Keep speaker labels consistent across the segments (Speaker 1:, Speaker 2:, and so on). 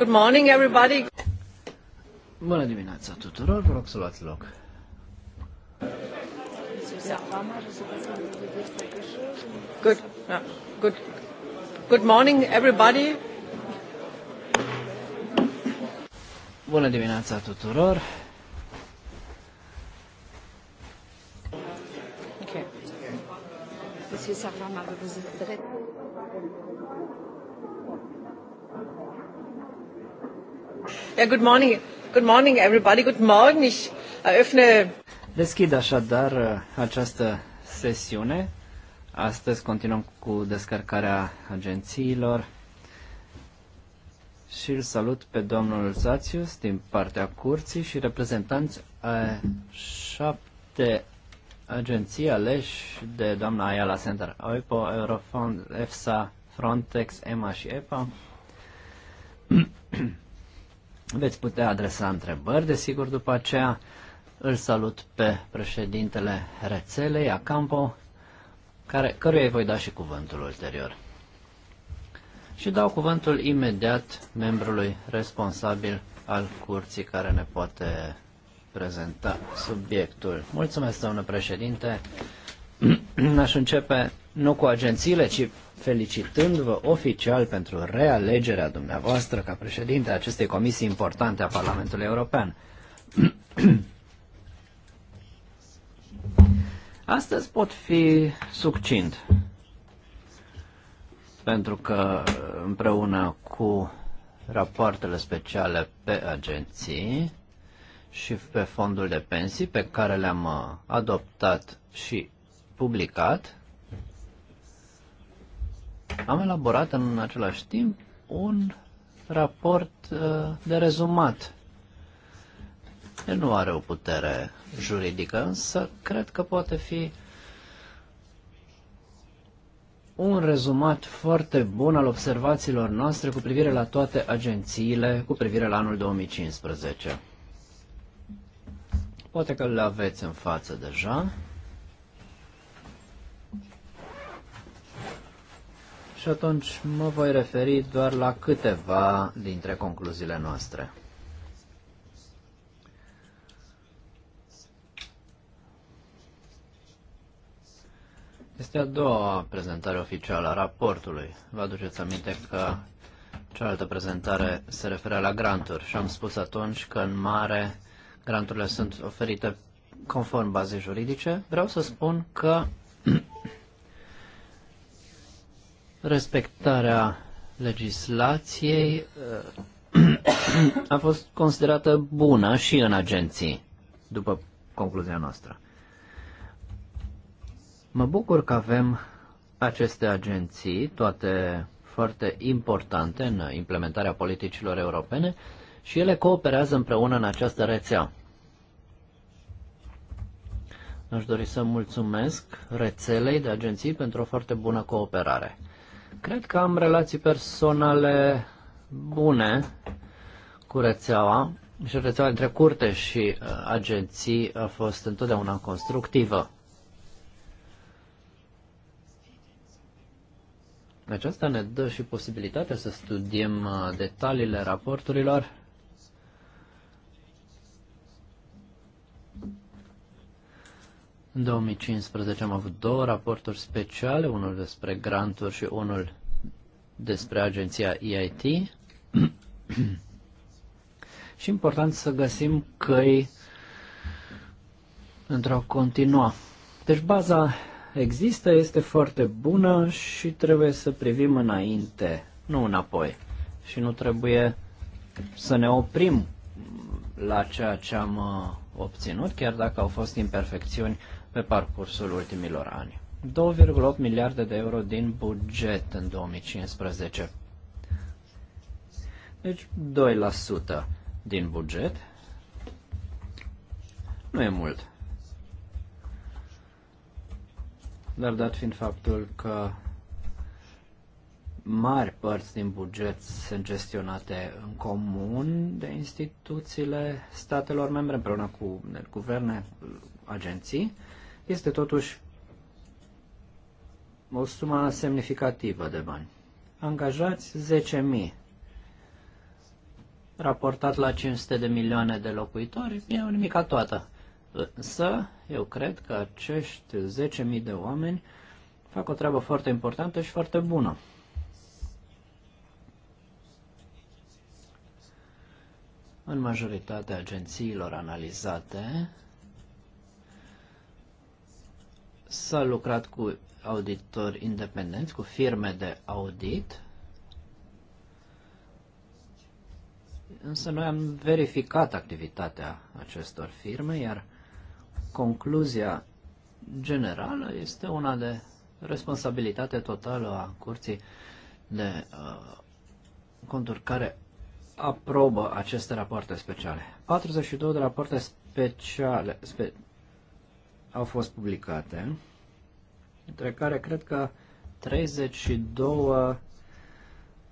Speaker 1: Good morning, everybody.
Speaker 2: Bună dimineața tuturor, vă rog să luați loc. Good, uh,
Speaker 1: good, good morning, everybody.
Speaker 2: Bună dimineața tuturor.
Speaker 1: Okay. Monsieur Sarvama, vous êtes Yeah, good morning. Good morning everybody. Good morning. Ich eröffne
Speaker 2: Deschid așadar uh, această sesiune. Astăzi continuăm cu descărcarea agențiilor. Și îl salut pe domnul Zațius din partea curții și reprezentanți a uh, șapte agenții aleși de doamna Ayala Center, OIPO, Eurofond, EFSA, Frontex, EMA și EPA. Veți putea adresa întrebări, desigur, după aceea îl salut pe președintele rețelei, Acampo, care, căruia îi voi da și cuvântul ulterior. Și dau cuvântul imediat membrului responsabil al curții care ne poate prezenta subiectul. Mulțumesc, domnule președinte. Aș începe nu cu agențiile, ci felicitându-vă oficial pentru realegerea dumneavoastră ca președinte a acestei comisii importante a Parlamentului European. Astăzi pot fi succint, pentru că împreună cu rapoartele speciale pe agenții și pe fondul de pensii pe care le-am uh, adoptat și publicat, am elaborat în același timp un raport uh, de rezumat. El nu are o putere juridică, însă cred că poate fi un rezumat foarte bun al observațiilor noastre cu privire la toate agențiile, cu privire la anul 2015. Poate că le aveți în față deja. și atunci mă voi referi doar la câteva dintre concluziile noastre. Este a doua prezentare oficială a raportului. Vă aduceți aminte că cealaltă prezentare se referă la granturi și am spus atunci că în mare granturile sunt oferite conform bazei juridice. Vreau să spun că respectarea legislației eh, a fost considerată bună și în agenții, după concluzia noastră. Mă bucur că avem aceste agenții, toate foarte importante în implementarea politicilor europene și ele cooperează împreună în această rețea. Aș dori să mulțumesc rețelei de agenții pentru o foarte bună cooperare. Cred că am relații personale bune cu rețeaua și rețeaua între curte și uh, agenții a fost întotdeauna constructivă. Aceasta deci ne dă și posibilitatea să studiem uh, detaliile raporturilor În 2015 am avut două raporturi speciale, unul despre granturi și unul despre agenția EIT. și important să găsim căi pentru a continua. Deci baza există, este foarte bună și trebuie să privim înainte, nu înapoi. Și nu trebuie să ne oprim la ceea ce am uh, obținut, chiar dacă au fost imperfecțiuni pe parcursul ultimilor ani. 2,8 miliarde de euro din buget în 2015. Deci 2% din buget. Nu e mult. Dar dat fiind faptul că mari părți din buget sunt gestionate în comun de instituțiile statelor membre împreună cu guverne, agenții, este totuși o sumă semnificativă de bani. Angajați 10.000. Raportat la 500 de milioane de locuitori, e o nimica toată. Însă, eu cred că acești 10.000 de oameni fac o treabă foarte importantă și foarte bună. În majoritatea agențiilor analizate, S-a lucrat cu auditori independenți, cu firme de audit, însă noi am verificat activitatea acestor firme, iar concluzia generală este una de responsabilitate totală a curții de uh, conturi care aprobă aceste rapoarte speciale. 42 de rapoarte speciale, spe, au fost publicate, între care cred că 32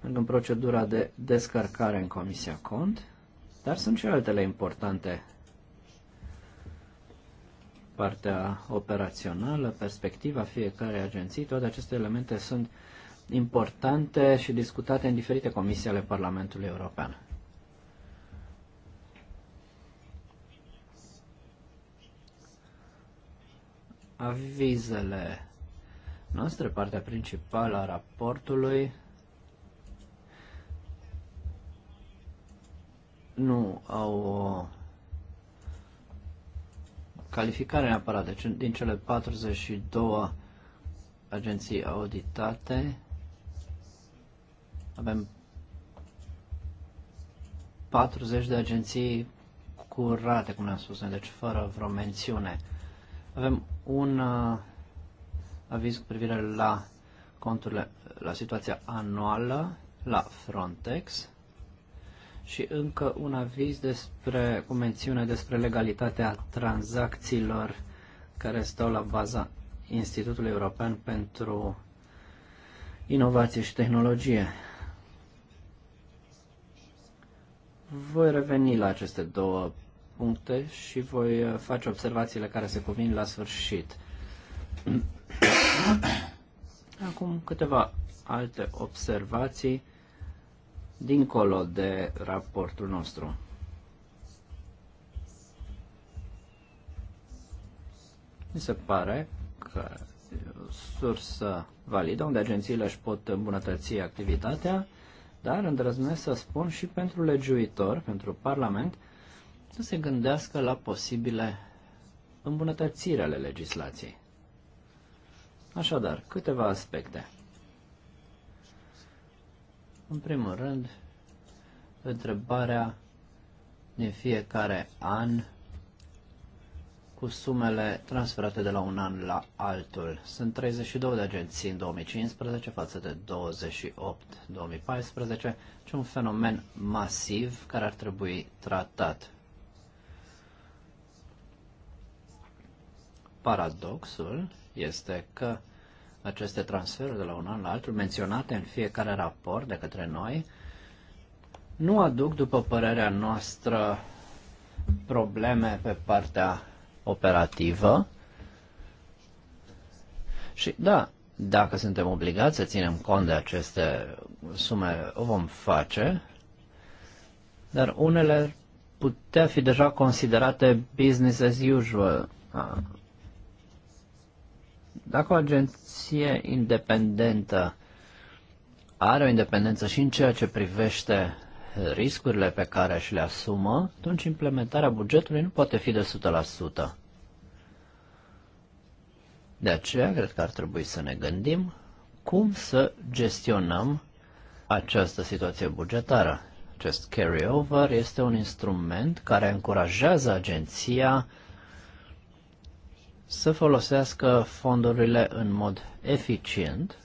Speaker 2: în procedura de descărcare în Comisia Cont, dar sunt și altele importante. Partea operațională, perspectiva fiecarei agenții, toate aceste elemente sunt importante și discutate în diferite comisii ale Parlamentului European. avizele noastre, partea principală a raportului. Nu au o calificare neapărat, deci din cele 42 agenții auditate avem 40 de agenții curate, cum ne-am spus, deci fără vreo mențiune. Avem un uh, aviz cu privire la conturile, la situația anuală la Frontex și încă un aviz despre, cu mențiune despre legalitatea tranzacțiilor care stau la baza Institutului European pentru Inovație și Tehnologie. Voi reveni la aceste două puncte și voi uh, face observațiile care se cuvin la sfârșit. Acum câteva alte observații dincolo de raportul nostru. Mi se pare că o sursă validă unde agențiile își pot îmbunătăți activitatea, dar îndrăznesc să spun și pentru legiuitor, pentru Parlament, să se gândească la posibile îmbunătățiri ale legislației. Așadar, câteva aspecte. În primul rând, întrebarea din fiecare an cu sumele transferate de la un an la altul. Sunt 32 de agenții în 2015 față de 28 2014, ce un fenomen masiv care ar trebui tratat. Paradoxul este că aceste transferuri de la un an la altul, menționate în fiecare raport de către noi, nu aduc, după părerea noastră, probleme pe partea operativă. Și da, dacă suntem obligați să ținem cont de aceste sume, o vom face, dar unele putea fi deja considerate business as usual. Dacă o agenție independentă are o independență și în ceea ce privește riscurile pe care și le asumă, atunci implementarea bugetului nu poate fi de 100%. De aceea, cred că ar trebui să ne gândim cum să gestionăm această situație bugetară. Acest carry-over este un instrument care încurajează agenția să folosească fondurile în mod eficient.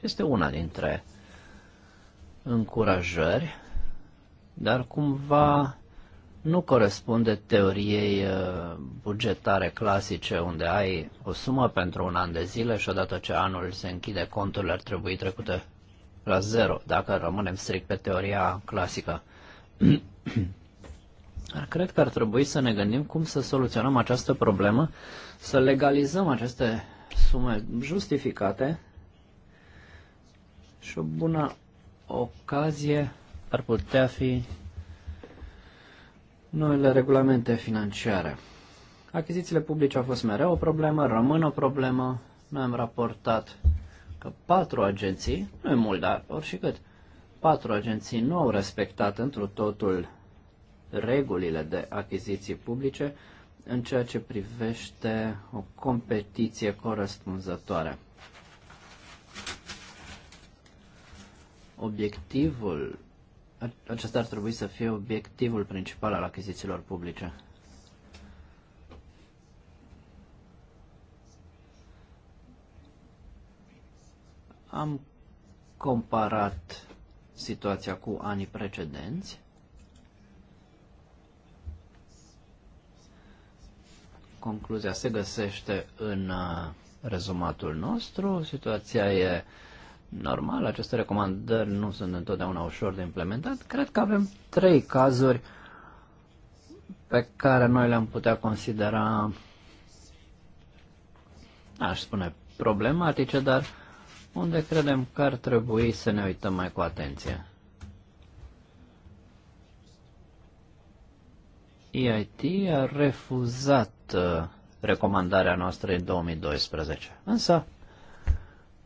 Speaker 2: Este una dintre încurajări, dar cumva nu corespunde teoriei uh, bugetare clasice, unde ai o sumă pentru un an de zile și odată ce anul se închide, conturile ar trebui trecute la zero, dacă rămânem strict pe teoria clasică. Dar cred că ar trebui să ne gândim cum să soluționăm această problemă, să legalizăm aceste sume justificate și o bună ocazie ar putea fi noile regulamente financiare. Achizițiile publice au fost mereu o problemă, rămân o problemă. Noi am raportat că patru agenții, nu e mult, dar oricât, patru agenții nu au respectat întru totul regulile de achiziții publice în ceea ce privește o competiție corespunzătoare. Obiectivul, acesta ar trebui să fie obiectivul principal al achizițiilor publice. Am comparat situația cu anii precedenți Concluzia se găsește în uh, rezumatul nostru. Situația e normală. Aceste recomandări nu sunt întotdeauna ușor de implementat. Cred că avem trei cazuri pe care noi le-am putea considera, aș spune, problematice, dar unde credem că ar trebui să ne uităm mai cu atenție. EIT a refuzat uh, recomandarea noastră în 2012. Însă,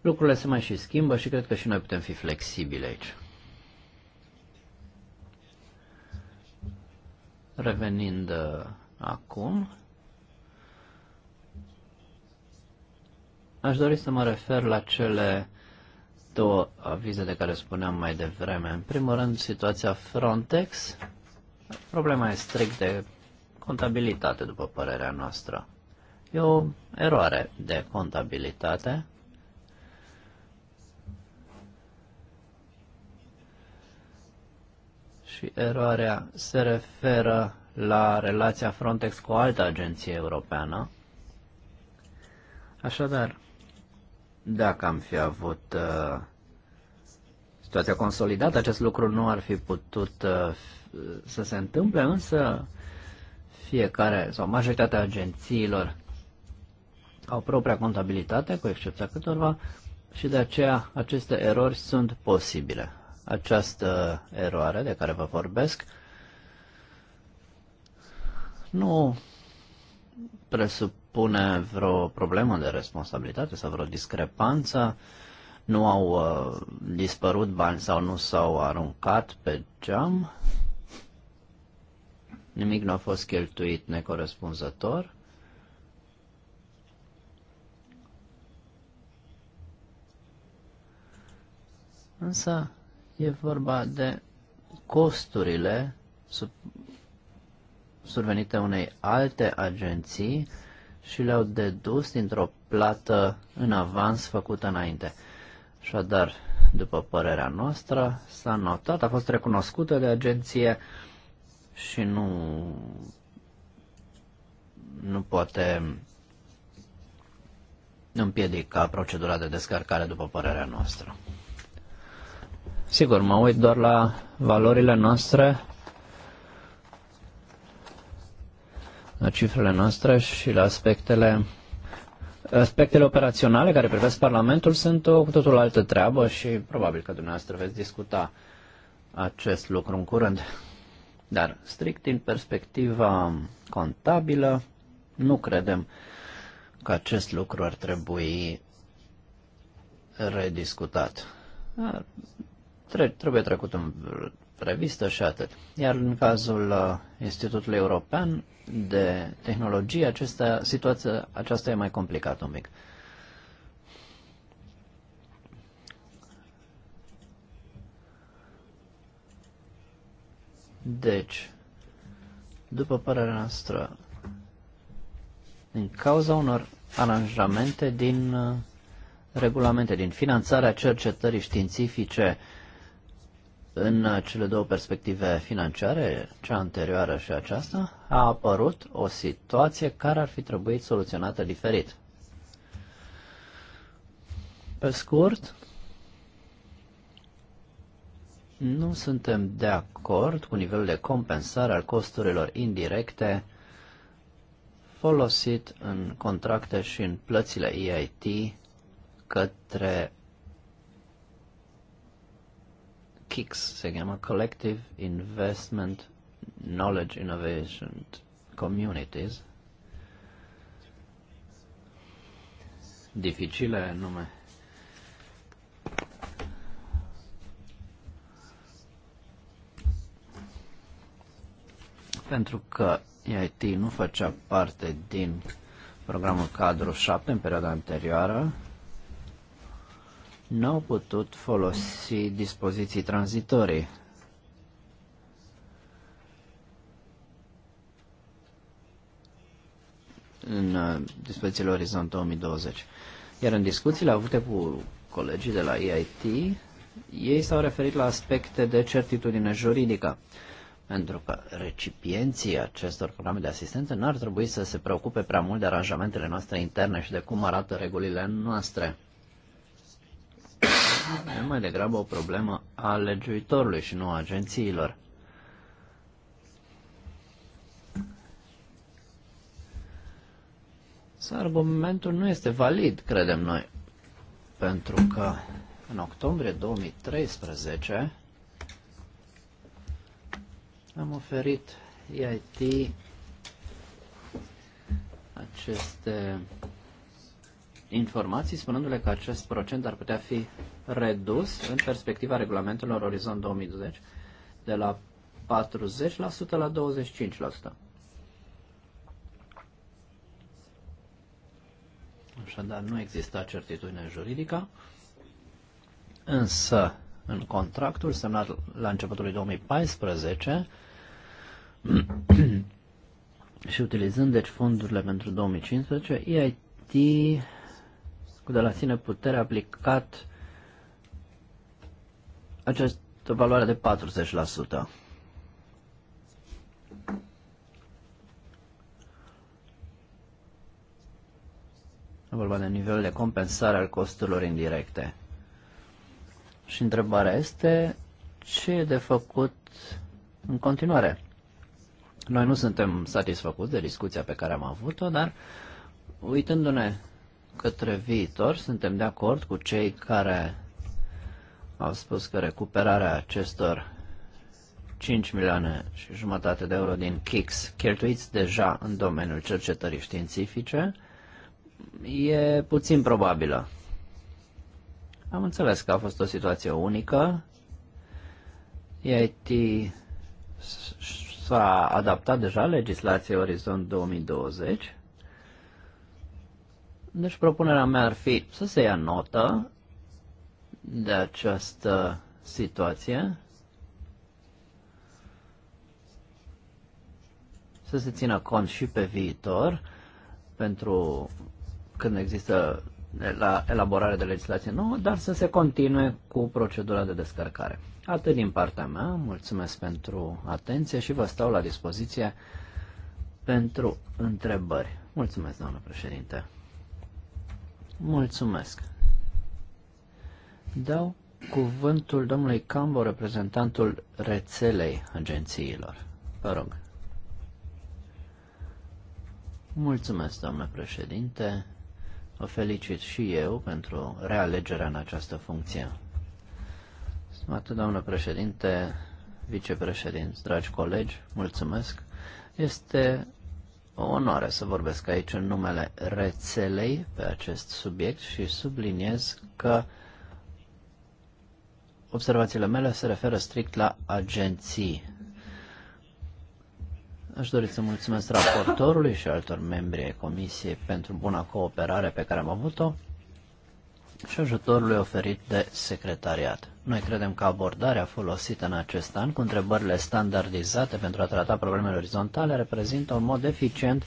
Speaker 2: lucrurile se mai și schimbă și cred că și noi putem fi flexibili aici. Revenind uh, acum, aș dori să mă refer la cele două avize de care spuneam mai devreme. În primul rând, situația Frontex, Problema e strict de contabilitate, după părerea noastră. E o eroare de contabilitate. Și eroarea se referă la relația Frontex cu o altă agenție europeană. Așadar, dacă am fi avut uh, situația consolidată, acest lucru nu ar fi putut uh, să se întâmple, însă fiecare sau majoritatea agențiilor au propria contabilitate, cu excepția câtorva, și de aceea aceste erori sunt posibile. Această eroare de care vă vorbesc nu presupune vreo problemă de responsabilitate sau vreo discrepanță, nu au uh, dispărut bani sau nu s-au aruncat pe geam, nimic nu a fost cheltuit necorespunzător. Însă e vorba de costurile sub, survenite unei alte agenții și le-au dedus dintr-o plată în avans făcută înainte. Așadar, după părerea noastră, s-a notat, a fost recunoscută de agenție, și nu, nu poate împiedica procedura de descărcare, după părerea noastră. Sigur, mă uit doar la valorile noastre, la cifrele noastre și la aspectele aspectele operaționale care privesc Parlamentul sunt o cu totul altă treabă și probabil că dumneavoastră veți discuta acest lucru în curând. Dar strict din perspectiva contabilă, nu credem că acest lucru ar trebui rediscutat. trebuie trecut în revistă și atât. Iar în cazul uh, Institutului European de Tehnologie, această situația aceasta e mai complicată un pic. Deci, după părerea noastră, din cauza unor aranjamente din uh, regulamente, din finanțarea cercetării științifice în cele două perspective financiare, cea anterioară și aceasta, a apărut o situație care ar fi trebuit soluționată diferit. Pe scurt, nu suntem de acord cu nivelul de compensare al costurilor indirecte folosit în contracte și în plățile EIT către KICS, se cheamă Collective Investment Knowledge Innovation Communities. Dificile nume. pentru că EIT nu făcea parte din programul cadru 7 în perioada anterioară, nu au putut folosi dispoziții tranzitorii. în uh, dispozițiile Orizont 2020. Iar în discuțiile avute cu colegii de la EIT, ei s-au referit la aspecte de certitudine juridică pentru că recipienții acestor programe de asistență nu ar trebui să se preocupe prea mult de aranjamentele noastre interne și de cum arată regulile noastre. E mai degrabă o problemă a legiuitorului și nu a agențiilor. Să argumentul nu este valid, credem noi, pentru că în octombrie 2013 am oferit EIT aceste informații, spunându-le că acest procent ar putea fi redus în perspectiva regulamentelor Orizont 2020 de la 40% la 25%. Așadar, nu există certitudine juridică, însă în contractul semnat la începutul lui 2014 și utilizând deci fondurile pentru 2015, EIT cu de la sine putere aplicat această valoare de 40%. vorba de nivel de compensare al costurilor indirecte. Și întrebarea este ce e de făcut în continuare. Noi nu suntem satisfăcuți de discuția pe care am avut-o, dar uitându-ne către viitor, suntem de acord cu cei care au spus că recuperarea acestor 5 milioane și jumătate de euro din KIX cheltuiți deja în domeniul cercetării științifice e puțin probabilă. Am înțeles că a fost o situație unică. EIT s-a adaptat deja legislației Orizont 2020. Deci propunerea mea ar fi să se ia notă de această situație, să se țină cont și pe viitor pentru când există la elaborare de legislație nouă, dar să se continue cu procedura de descărcare. Atât din partea mea, mulțumesc pentru atenție și vă stau la dispoziție pentru întrebări. Mulțumesc, doamnă președinte. Mulțumesc. Dau cuvântul domnului Cambo, reprezentantul rețelei agențiilor. Vă rog. Mulțumesc, doamnă președinte. O felicit și eu pentru realegerea în această funcție. Stimată doamnă președinte, vicepreședinți, dragi colegi, mulțumesc. Este o onoare să vorbesc aici în numele rețelei pe acest subiect și subliniez că observațiile mele se referă strict la agenții Aș dori să mulțumesc raportorului și altor membri ai Comisiei pentru buna cooperare pe care am avut-o și ajutorului oferit de secretariat. Noi credem că abordarea folosită în acest an cu întrebările standardizate pentru a trata problemele orizontale reprezintă un mod eficient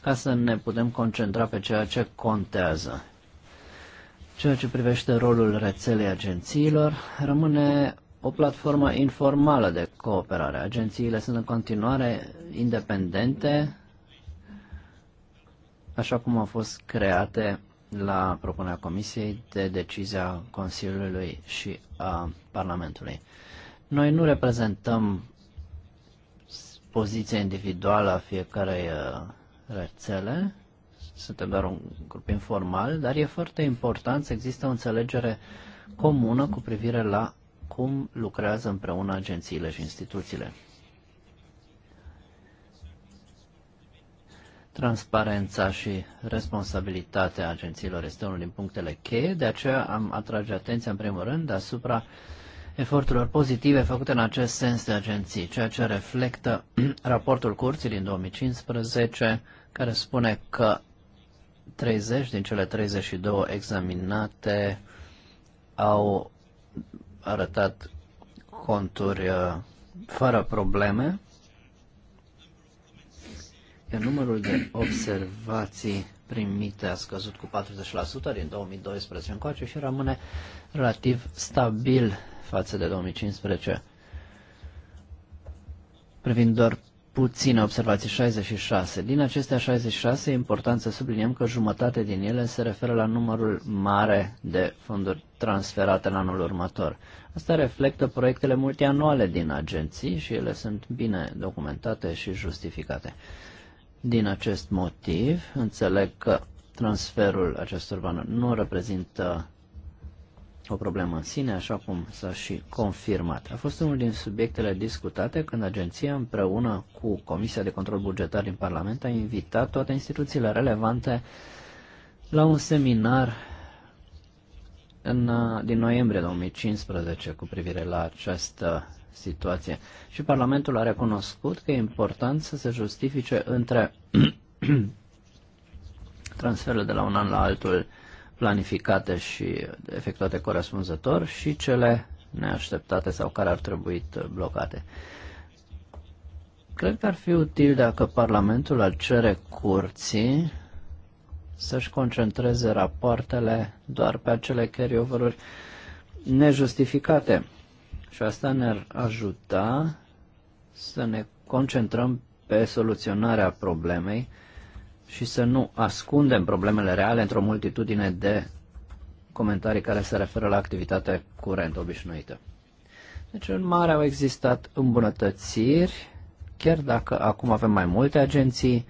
Speaker 2: ca să ne putem concentra pe ceea ce contează. Ceea ce privește rolul rețelei agențiilor rămâne o platformă informală de cooperare. Agențiile sunt în continuare independente, așa cum au fost create la propunerea Comisiei de decizia Consiliului și a Parlamentului. Noi nu reprezentăm poziția individuală a fiecarei uh, rețele, suntem doar un grup informal, dar e foarte important să există o înțelegere comună cu privire la cum lucrează împreună agențiile și instituțiile. Transparența și responsabilitatea agențiilor este unul din punctele cheie, de aceea am atrage atenția în primul rând asupra eforturilor pozitive făcute în acest sens de agenții, ceea ce reflectă raportul curții din 2015, care spune că 30 din cele 32 examinate au arătat conturi uh, fără probleme, iar numărul de observații primite a scăzut cu 40% din 2012 încoace și rămâne relativ stabil față de 2015. Privind doar puține observații, 66. Din acestea 66 e important să subliniem că jumătate din ele se referă la numărul mare de fonduri transferate în anul următor. Asta reflectă proiectele multianuale din agenții și ele sunt bine documentate și justificate. Din acest motiv, înțeleg că transferul acestor bani nu reprezintă o problemă în sine, așa cum s-a și confirmat. A fost unul din subiectele discutate când agenția împreună cu Comisia de Control Bugetar din Parlament a invitat toate instituțiile relevante la un seminar în, din noiembrie 2015 cu privire la această situație. Și Parlamentul a recunoscut că e important să se justifice între transferul de la un an la altul planificate și efectuate corespunzător și cele neașteptate sau care ar trebui blocate. Cred că ar fi util dacă Parlamentul ar cere curții să-și concentreze rapoartele doar pe acele carryover-uri nejustificate. Și asta ne-ar ajuta să ne concentrăm pe soluționarea problemei și să nu ascundem problemele reale într-o multitudine de comentarii care se referă la activitatea curentă obișnuită. Deci în mare au existat îmbunătățiri, chiar dacă acum avem mai multe agenții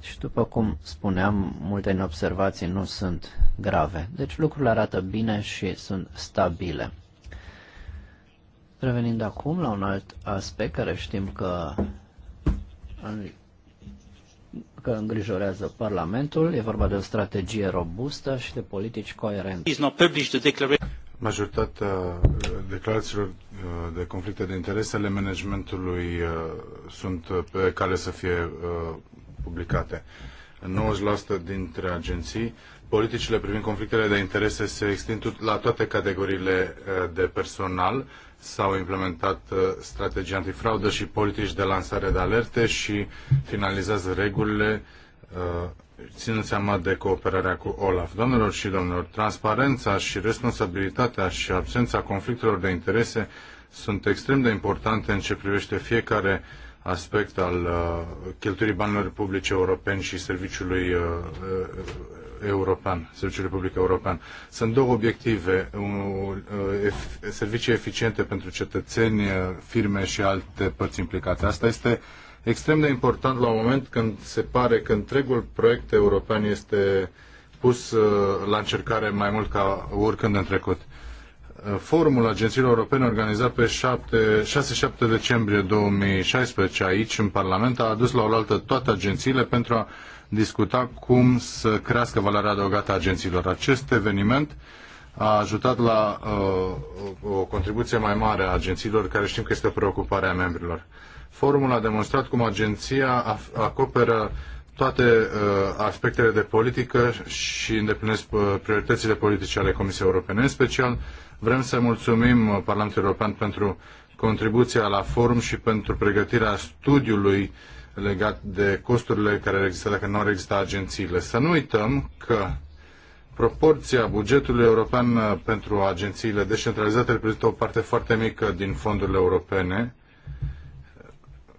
Speaker 2: și după cum spuneam, multe din observații nu sunt grave. Deci lucrurile arată bine și sunt stabile. Revenind acum la un alt aspect care știm că în că îngrijorează Parlamentul. E vorba de o strategie robustă și de politici
Speaker 3: coerente. Majoritatea uh, declarațiilor uh, de conflicte de interese ale managementului uh, sunt pe cale să fie publicate. 90% dintre agenții, politicile privind conflictele de interese se extind la toate categoriile de personal, s-au implementat uh, strategii antifraudă și politici de lansare de alerte și finalizează regulile uh, ținând seama de cooperarea cu OLAF. Doamnelor și domnilor, transparența și responsabilitatea și absența conflictelor de interese sunt extrem de importante în ce privește fiecare aspect al uh, cheltuirii banilor publice europeni și serviciului uh, uh European, Serviciul Public European. Sunt două obiective, un, uh, servicii eficiente pentru cetățeni, uh, firme și alte părți implicate. Asta este extrem de important la un moment când se pare că întregul proiect european este pus uh, la încercare mai mult ca oricând în trecut. Forumul Agențiilor Europene organizat pe 6-7 decembrie 2016 aici, în Parlament, a adus la oaltă toate agențiile pentru a discuta cum să crească valoarea adăugată a agențiilor. Acest eveniment a ajutat la uh, o contribuție mai mare a agențiilor, care știm că este o preocupare a membrilor. Forumul a demonstrat cum agenția acoperă toate uh, aspectele de politică și îndeplinesc uh, prioritățile politice ale Comisiei Europene. În special, vrem să mulțumim uh, Parlamentului European pentru contribuția la forum și pentru pregătirea studiului uh, legat de costurile care ar exista dacă nu ar exista agențiile. Să nu uităm că proporția bugetului european uh, pentru agențiile descentralizate reprezintă o parte foarte mică din fondurile europene uh,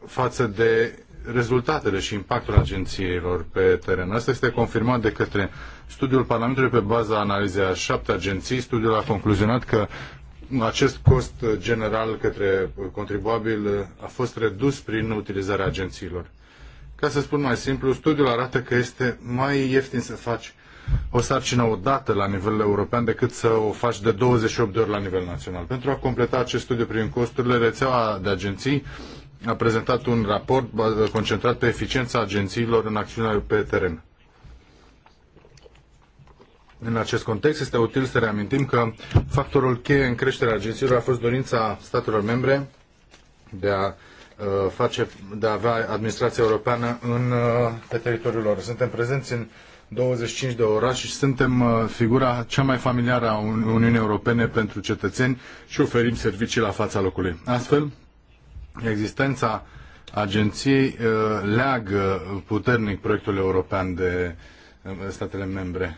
Speaker 3: față de rezultatele și impactul agențiilor pe teren. Asta este confirmat de către studiul Parlamentului pe baza analizei a șapte agenții. Studiul a concluzionat că acest cost general către contribuabil a fost redus prin utilizarea agențiilor. Ca să spun mai simplu, studiul arată că este mai ieftin să faci o sarcină odată la nivel european decât să o faci de 28 de ori la nivel național. Pentru a completa acest studiu prin costurile, rețeaua de agenții a prezentat un raport concentrat pe eficiența agențiilor în acțiunea pe teren. În acest context este util să reamintim că factorul cheie în creșterea agențiilor a fost dorința statelor membre de a uh, face, de a avea administrația europeană în, uh, pe teritoriul lor. Suntem prezenți în 25 de orașe și suntem uh, figura cea mai familiară a Uniunii Europene pentru cetățeni și oferim servicii la fața locului. Astfel, existența agenției leagă puternic proiectul european de statele membre.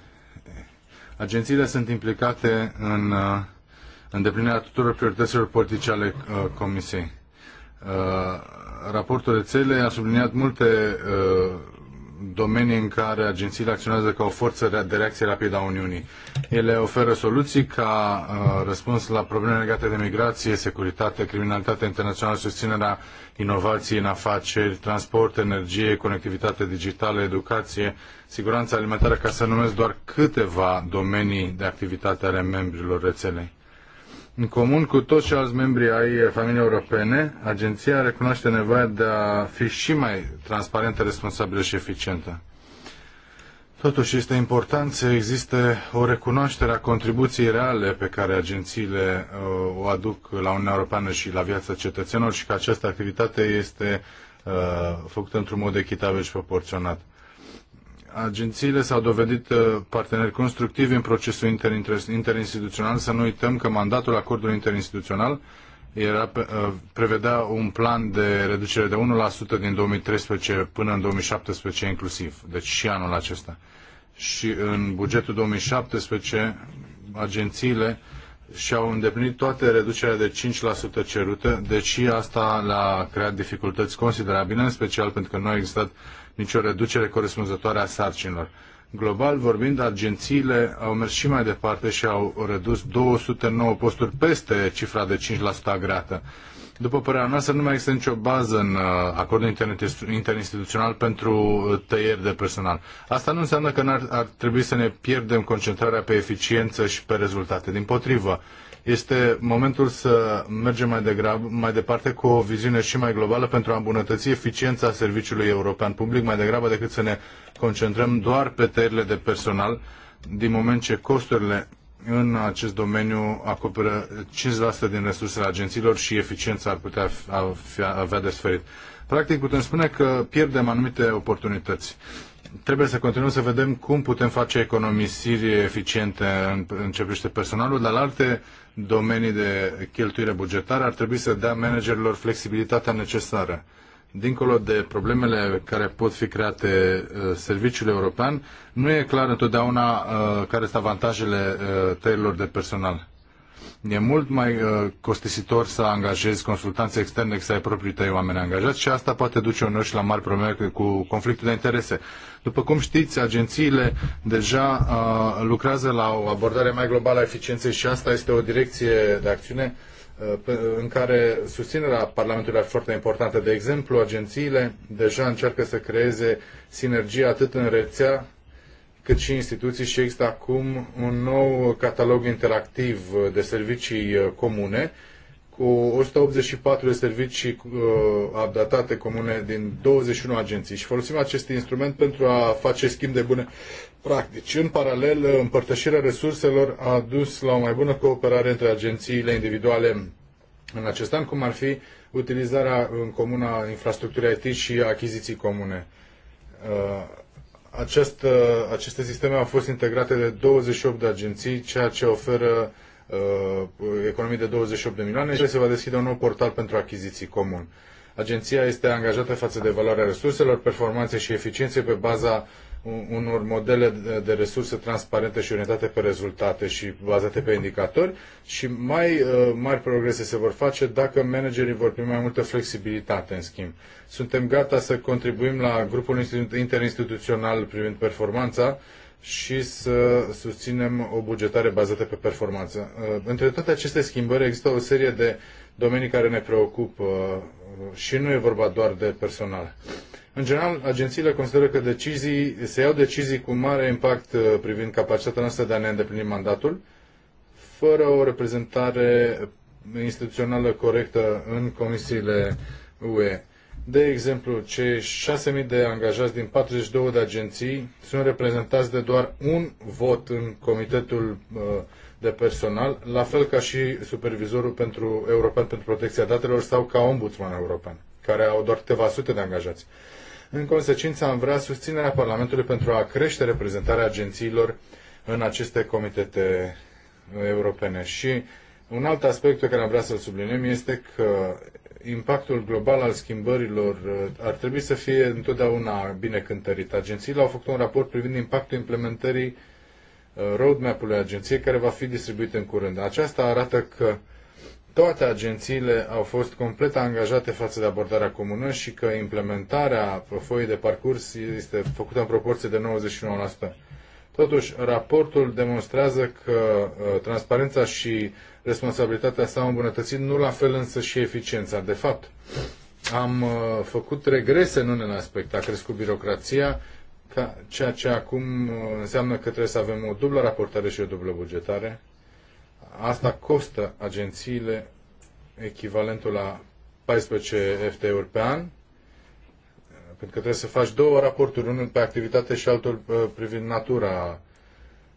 Speaker 3: Agențiile sunt implicate în uh, îndeplinirea tuturor priorităților politice ale uh, Comisiei. Uh, raportul rețelei a subliniat multe domenii în care agențiile acționează ca o forță de reacție rapidă a Uniunii. Ele oferă soluții ca uh, răspuns la probleme legate de migrație, securitate, criminalitate internațională, susținerea inovației în afaceri, transport, energie, conectivitate digitală, educație, siguranță alimentară, ca să numesc doar câteva domenii de activitate ale membrilor rețelei. În comun cu toți ceilalți membri ai familiei europene, agenția recunoaște nevoia de a fi și mai transparentă, responsabilă și eficientă. Totuși este important să existe o recunoaștere a contribuției reale pe care agențiile uh, o aduc la Uniunea Europeană și la viața cetățenilor și că această activitate este uh, făcută într-un mod echitabil și proporționat. Agențiile s-au dovedit uh, parteneri constructivi în procesul inter interinstituțional. Să nu uităm că mandatul acordului interinstituțional era, uh, prevedea un plan de reducere de 1% din 2013 până în 2017 inclusiv, deci și anul acesta. Și în bugetul 2017, agențiile și-au îndeplinit toate reducerea de 5% cerută, deci asta le-a creat dificultăți considerabile, în special pentru că nu a existat nicio reducere corespunzătoare a sarcinilor. Global vorbind, agențiile au mers și mai departe și au redus 209 posturi peste cifra de 5% agreată. După părerea noastră, nu mai există nicio bază în uh, acordul interinstituțional pentru uh, tăieri de personal. Asta nu înseamnă că ar, ar trebui să ne pierdem concentrarea pe eficiență și pe rezultate. Din potrivă, este momentul să mergem mai, degrab, mai departe cu o viziune și mai globală pentru a îmbunătăți eficiența serviciului european public, mai degrabă decât să ne concentrăm doar pe tăierile de personal, din moment ce costurile în acest domeniu acoperă 5% din resursele agențiilor și eficiența ar putea avea de sferit. Practic putem spune că pierdem anumite oportunități. Trebuie să continuăm să vedem cum putem face economisiri eficiente în, în ce privește personalul, dar la alte domenii de cheltuire bugetară, ar trebui să dea managerilor flexibilitatea necesară. Dincolo de problemele care pot fi create uh, serviciul european, nu e clar întotdeauna uh, care sunt avantajele uh, tăierilor de personal. E mult mai uh, costisitor să angajezi consultanți externe decât să ai proprii tăi oameni angajați și asta poate duce uneori și la mari probleme cu conflictul de interese. După cum știți, agențiile deja uh, lucrează la o abordare mai globală a eficienței și asta este o direcție de acțiune uh, în care susținerea Parlamentului ar fi foarte importantă. De exemplu, agențiile deja încearcă să creeze sinergie atât în rețea cât și instituții și există acum un nou catalog interactiv de servicii uh, comune cu 184 de servicii adaptate uh, updatate comune din 21 agenții și folosim acest instrument pentru a face schimb de bune practici. În paralel, împărtășirea resurselor a dus la o mai bună cooperare între agențiile individuale în acest an, cum ar fi utilizarea în comună a infrastructurii IT și achiziții comune. Uh, această, uh, aceste sisteme au fost integrate de 28 de agenții, ceea ce oferă uh, economii de 28 de milioane și se va deschide un nou portal pentru achiziții comun. Agenția este angajată față de valoarea resurselor, performanței și eficienței pe baza unor modele de resurse transparente și orientate pe rezultate și bazate pe indicatori și mai uh, mari progrese se vor face dacă managerii vor primi mai multă flexibilitate în schimb. Suntem gata să contribuim la grupul interinstituțional privind performanța și să susținem o bugetare bazată pe performanță. Uh, între toate aceste schimbări există o serie de domenii care ne preocupă uh, și nu e vorba doar de personal. În general, agențiile consideră că decizii, se iau decizii cu mare impact uh, privind capacitatea noastră de a ne îndeplini mandatul, fără o reprezentare instituțională corectă în comisiile UE. De exemplu, cei 6.000 de angajați din 42 de agenții sunt reprezentați de doar un vot în comitetul uh, de personal, la fel ca și supervizorul pentru, european pentru protecția datelor sau ca ombudsman european care au doar câteva sute de angajați. În consecință, am vrea susținerea Parlamentului pentru a crește reprezentarea agențiilor în aceste comitete europene. Și un alt aspect pe care am vrea să-l subliniem este că impactul global al schimbărilor uh, ar trebui să fie întotdeauna bine cântărit. Agențiile au făcut un raport privind impactul implementării uh, roadmap-ului agenției care va fi distribuit în curând. Aceasta arată că toate agențiile au fost complet angajate față de abordarea comună și că implementarea foii de parcurs este făcută în proporție de 99%. Totuși, raportul demonstrează că uh, transparența și responsabilitatea s-au îmbunătățit, nu la fel însă și eficiența. De fapt, am uh, făcut regrese în unele aspecte, a crescut birocrația, ceea ce acum uh, înseamnă că trebuie să avem o dublă raportare și o dublă bugetare Asta costă agențiile echivalentul la 14 FTE-uri pe an, pentru că trebuie să faci două raporturi, unul pe activitate și altul uh, privind natura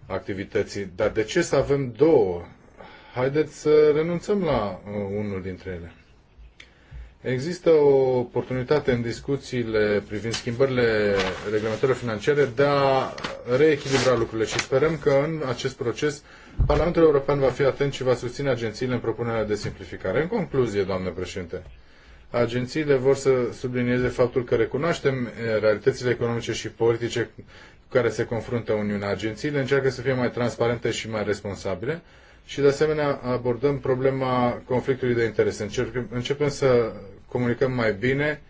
Speaker 3: activității. Dar de ce să avem două? Haideți să renunțăm la uh, unul dintre ele. Există o oportunitate în discuțiile privind schimbările reglementărilor financiare de a reechilibra lucrurile și sperăm că în acest proces Parlamentul European va fi atent și va susține agențiile în propunerea de simplificare. În concluzie, doamnă președinte, agențiile vor să sublinieze faptul că recunoaștem eh, realitățile economice și politice cu care se confruntă Uniunea. Agențiile încearcă să fie mai transparente și mai responsabile și, de asemenea, abordăm problema conflictului de interese. Începem să comunicăm mai bine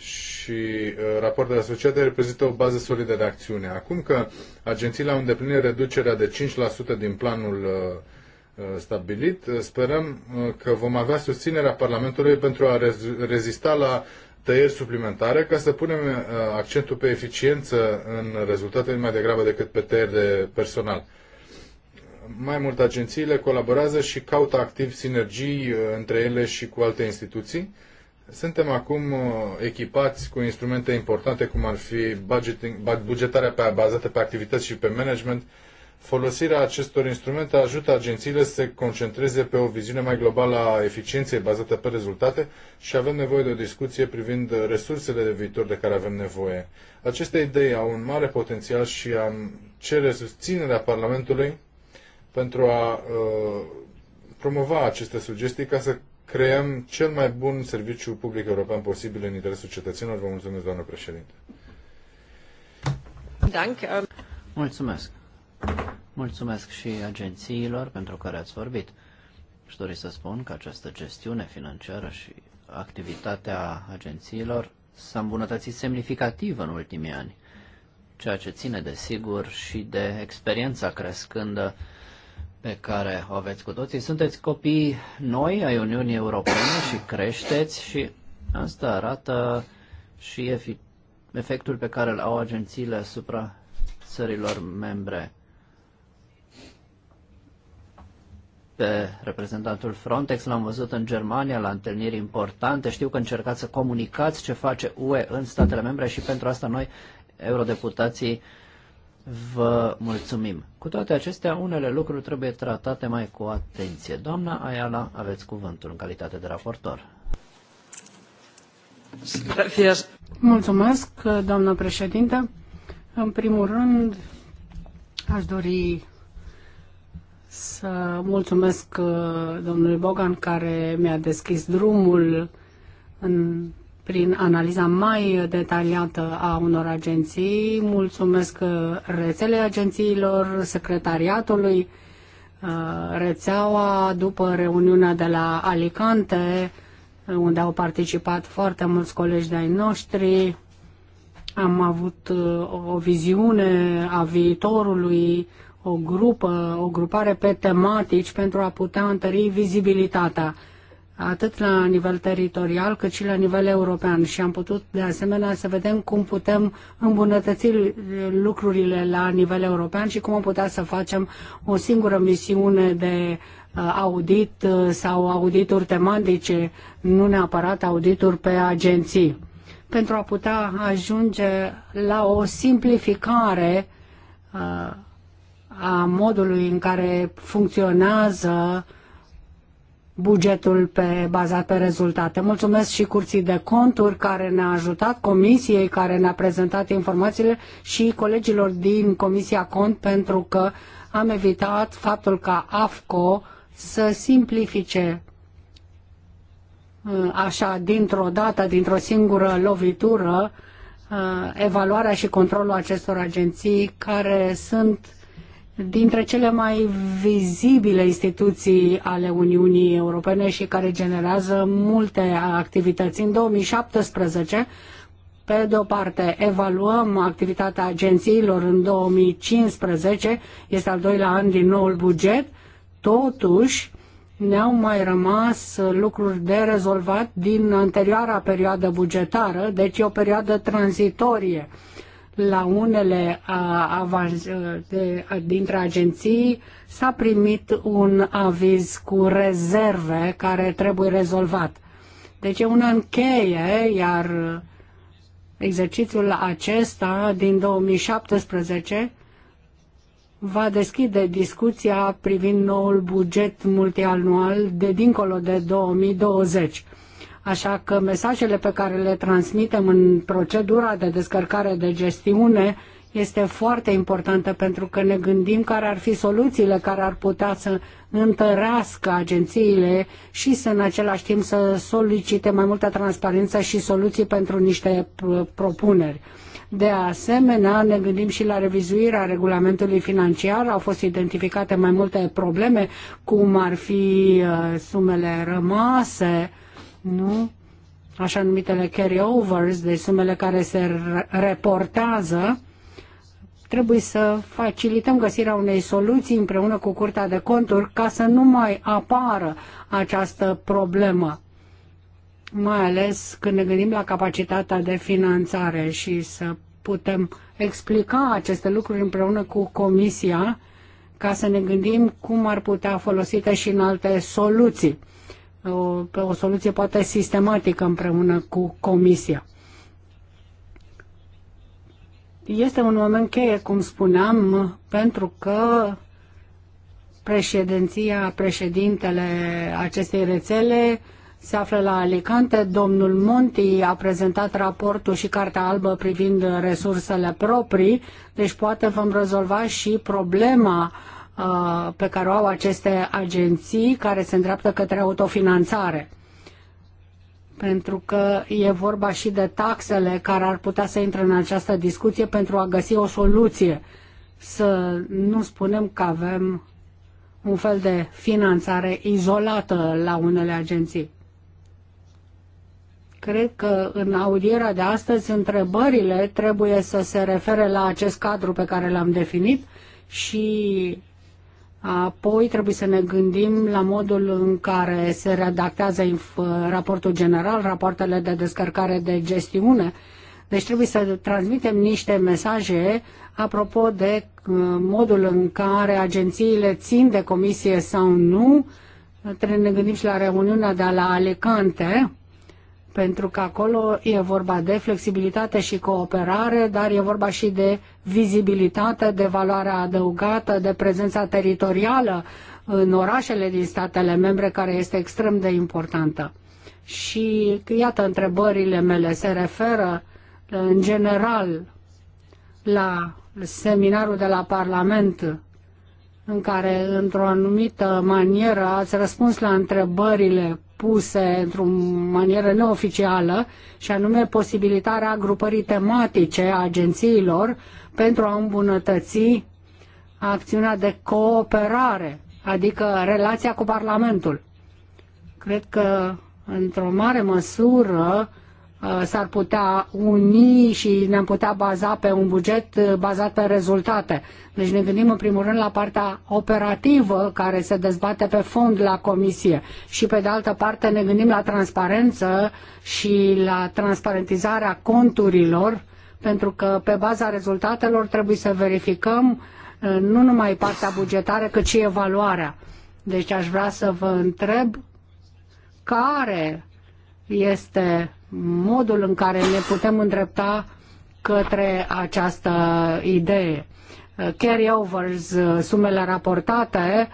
Speaker 3: și uh, raportul de asociate reprezintă o bază solidă de acțiune. Acum că agențiile au îndeplinit reducerea de 5% din planul uh, uh, stabilit, sperăm că vom avea susținerea Parlamentului pentru a rezista la tăieri suplimentare ca să punem accentul pe eficiență în rezultate mai degrabă decât pe tăieri de personal. Mai mult, agențiile colaborează și caută activ sinergii între ele și cu alte instituții suntem acum uh, echipați cu instrumente importante, cum ar fi budgeting, bugetarea pe, bazată pe activități și pe management. Folosirea acestor instrumente ajută agențiile să se concentreze pe o viziune mai globală a eficienței bazată pe rezultate și avem nevoie de o discuție privind resursele de viitor de care avem nevoie. Aceste idei au un mare potențial și am cere susținerea Parlamentului pentru a uh, promova aceste sugestii ca să creăm cel mai bun serviciu public european posibil în interesul cetățenilor. Vă mulțumesc, doamnă președinte. Uh, mulțumesc.
Speaker 2: Mulțumesc și agențiilor pentru care ați vorbit. Și dori să spun că această gestiune financiară și activitatea agențiilor s-a îmbunătățit semnificativ în ultimii ani, ceea ce ține, desigur, și de experiența crescândă pe care o aveți cu toții. Sunteți copii noi ai Uniunii Europene și creșteți și asta arată și efectul pe care îl au agențiile asupra țărilor membre. Pe reprezentantul Frontex l-am văzut în Germania la întâlniri importante. Știu că încercați să comunicați ce face UE în statele membre și pentru asta noi, eurodeputații, vă mulțumim. Cu toate acestea, unele lucruri trebuie tratate mai cu atenție. Doamna Ayala, aveți cuvântul în calitate de raportor.
Speaker 1: Mulțumesc, doamnă președinte. În primul rând, aș dori să mulțumesc uh, domnului Bogan care mi-a deschis drumul în prin analiza mai detaliată a unor agenții. Mulțumesc rețelei agențiilor, secretariatului, uh, rețeaua după reuniunea de la Alicante, unde au participat foarte mulți colegi de-ai noștri. Am avut uh, o viziune a viitorului, o grupă, o grupare pe tematici pentru a putea întări vizibilitatea atât la nivel teritorial cât și la nivel european și am putut de asemenea să vedem cum putem îmbunătăți lucrurile la nivel european și cum am putea să facem o singură misiune de uh, audit uh, sau audituri temandice, nu neapărat audituri pe agenții, pentru a putea ajunge la o simplificare uh, a modului în care funcționează uh, bugetul pe, bazat pe rezultate. Mulțumesc și curții de conturi care ne-a ajutat, comisiei care ne-a prezentat informațiile și colegilor din Comisia Cont pentru că am evitat faptul ca AFCO să simplifice uh, așa dintr-o dată, dintr-o singură lovitură, uh, evaluarea și controlul acestor agenții care sunt dintre cele mai vizibile instituții ale Uniunii Europene și care generează multe activități. În 2017, pe de o parte, evaluăm activitatea agențiilor în 2015, este al doilea an din noul buget, totuși ne-au mai rămas lucruri de rezolvat din anterioara perioadă bugetară, deci e o perioadă tranzitorie la unele de, dintre agenții s-a primit un aviz cu rezerve care trebuie rezolvat. Deci e un încheie, iar exercițiul acesta din 2017 va deschide discuția privind noul buget multianual de dincolo de 2020. Așa că mesajele pe care le transmitem în procedura de descărcare de gestiune este foarte importantă pentru că ne gândim care ar fi soluțiile care ar putea să întărească agențiile și să în același timp să solicite mai multă transparență și soluții pentru niște propuneri. De asemenea, ne gândim și la revizuirea regulamentului financiar. Au fost identificate mai multe probleme, cum ar fi uh, sumele rămase, nu? Așa numitele carryovers, de sumele care se reportează, trebuie să facilităm găsirea unei soluții împreună cu Curtea de Conturi ca să nu mai apară această problemă mai ales când ne gândim la capacitatea de finanțare și să putem explica aceste lucruri împreună cu Comisia ca să ne gândim cum ar putea folosite și în alte soluții o, pe o soluție poate sistematică împreună cu Comisia. Este un moment cheie, cum spuneam, pentru că președinția, președintele acestei rețele se află la Alicante. Domnul Monti a prezentat raportul și Cartea Albă privind resursele proprii, deci poate vom rezolva și problema uh, Uh, pe care o au aceste agenții care se îndreaptă către autofinanțare. Pentru că e vorba și de taxele care ar putea să intre în această discuție pentru a găsi o soluție. Să nu spunem că avem un fel de finanțare izolată la unele agenții. Cred că în audierea de astăzi întrebările trebuie să se refere la acest cadru pe care l-am definit și Apoi trebuie să ne gândim la modul în care se redactează raportul general, rapoartele de descărcare de gestiune. Deci trebuie să transmitem niște mesaje apropo de uh, modul în care agențiile țin de comisie sau nu. Trebuie să ne gândim și la reuniunea de la Alicante, pentru că acolo e vorba de flexibilitate și cooperare, dar e vorba și de vizibilitate, de valoare adăugată, de prezența teritorială în orașele din statele membre, care este extrem de importantă. Și iată, întrebările mele se referă în general la seminarul de la Parlament în care, într-o anumită manieră, ați răspuns la întrebările puse într-o manieră neoficială, și anume posibilitatea grupării tematice a agențiilor pentru a îmbunătăți acțiunea de cooperare, adică relația cu Parlamentul. Cred că, într-o mare măsură, Uh, s-ar putea uni și ne-am putea baza pe un buget uh, bazat pe rezultate. Deci ne gândim în primul rând la partea operativă care se dezbate pe fond la comisie și pe de altă parte ne gândim la transparență și la transparentizarea conturilor pentru că pe baza rezultatelor trebuie să verificăm uh, nu numai partea bugetară, cât și evaluarea. Deci aș vrea să vă întreb care este modul în care ne putem îndrepta către această idee. Carryovers, sumele raportate,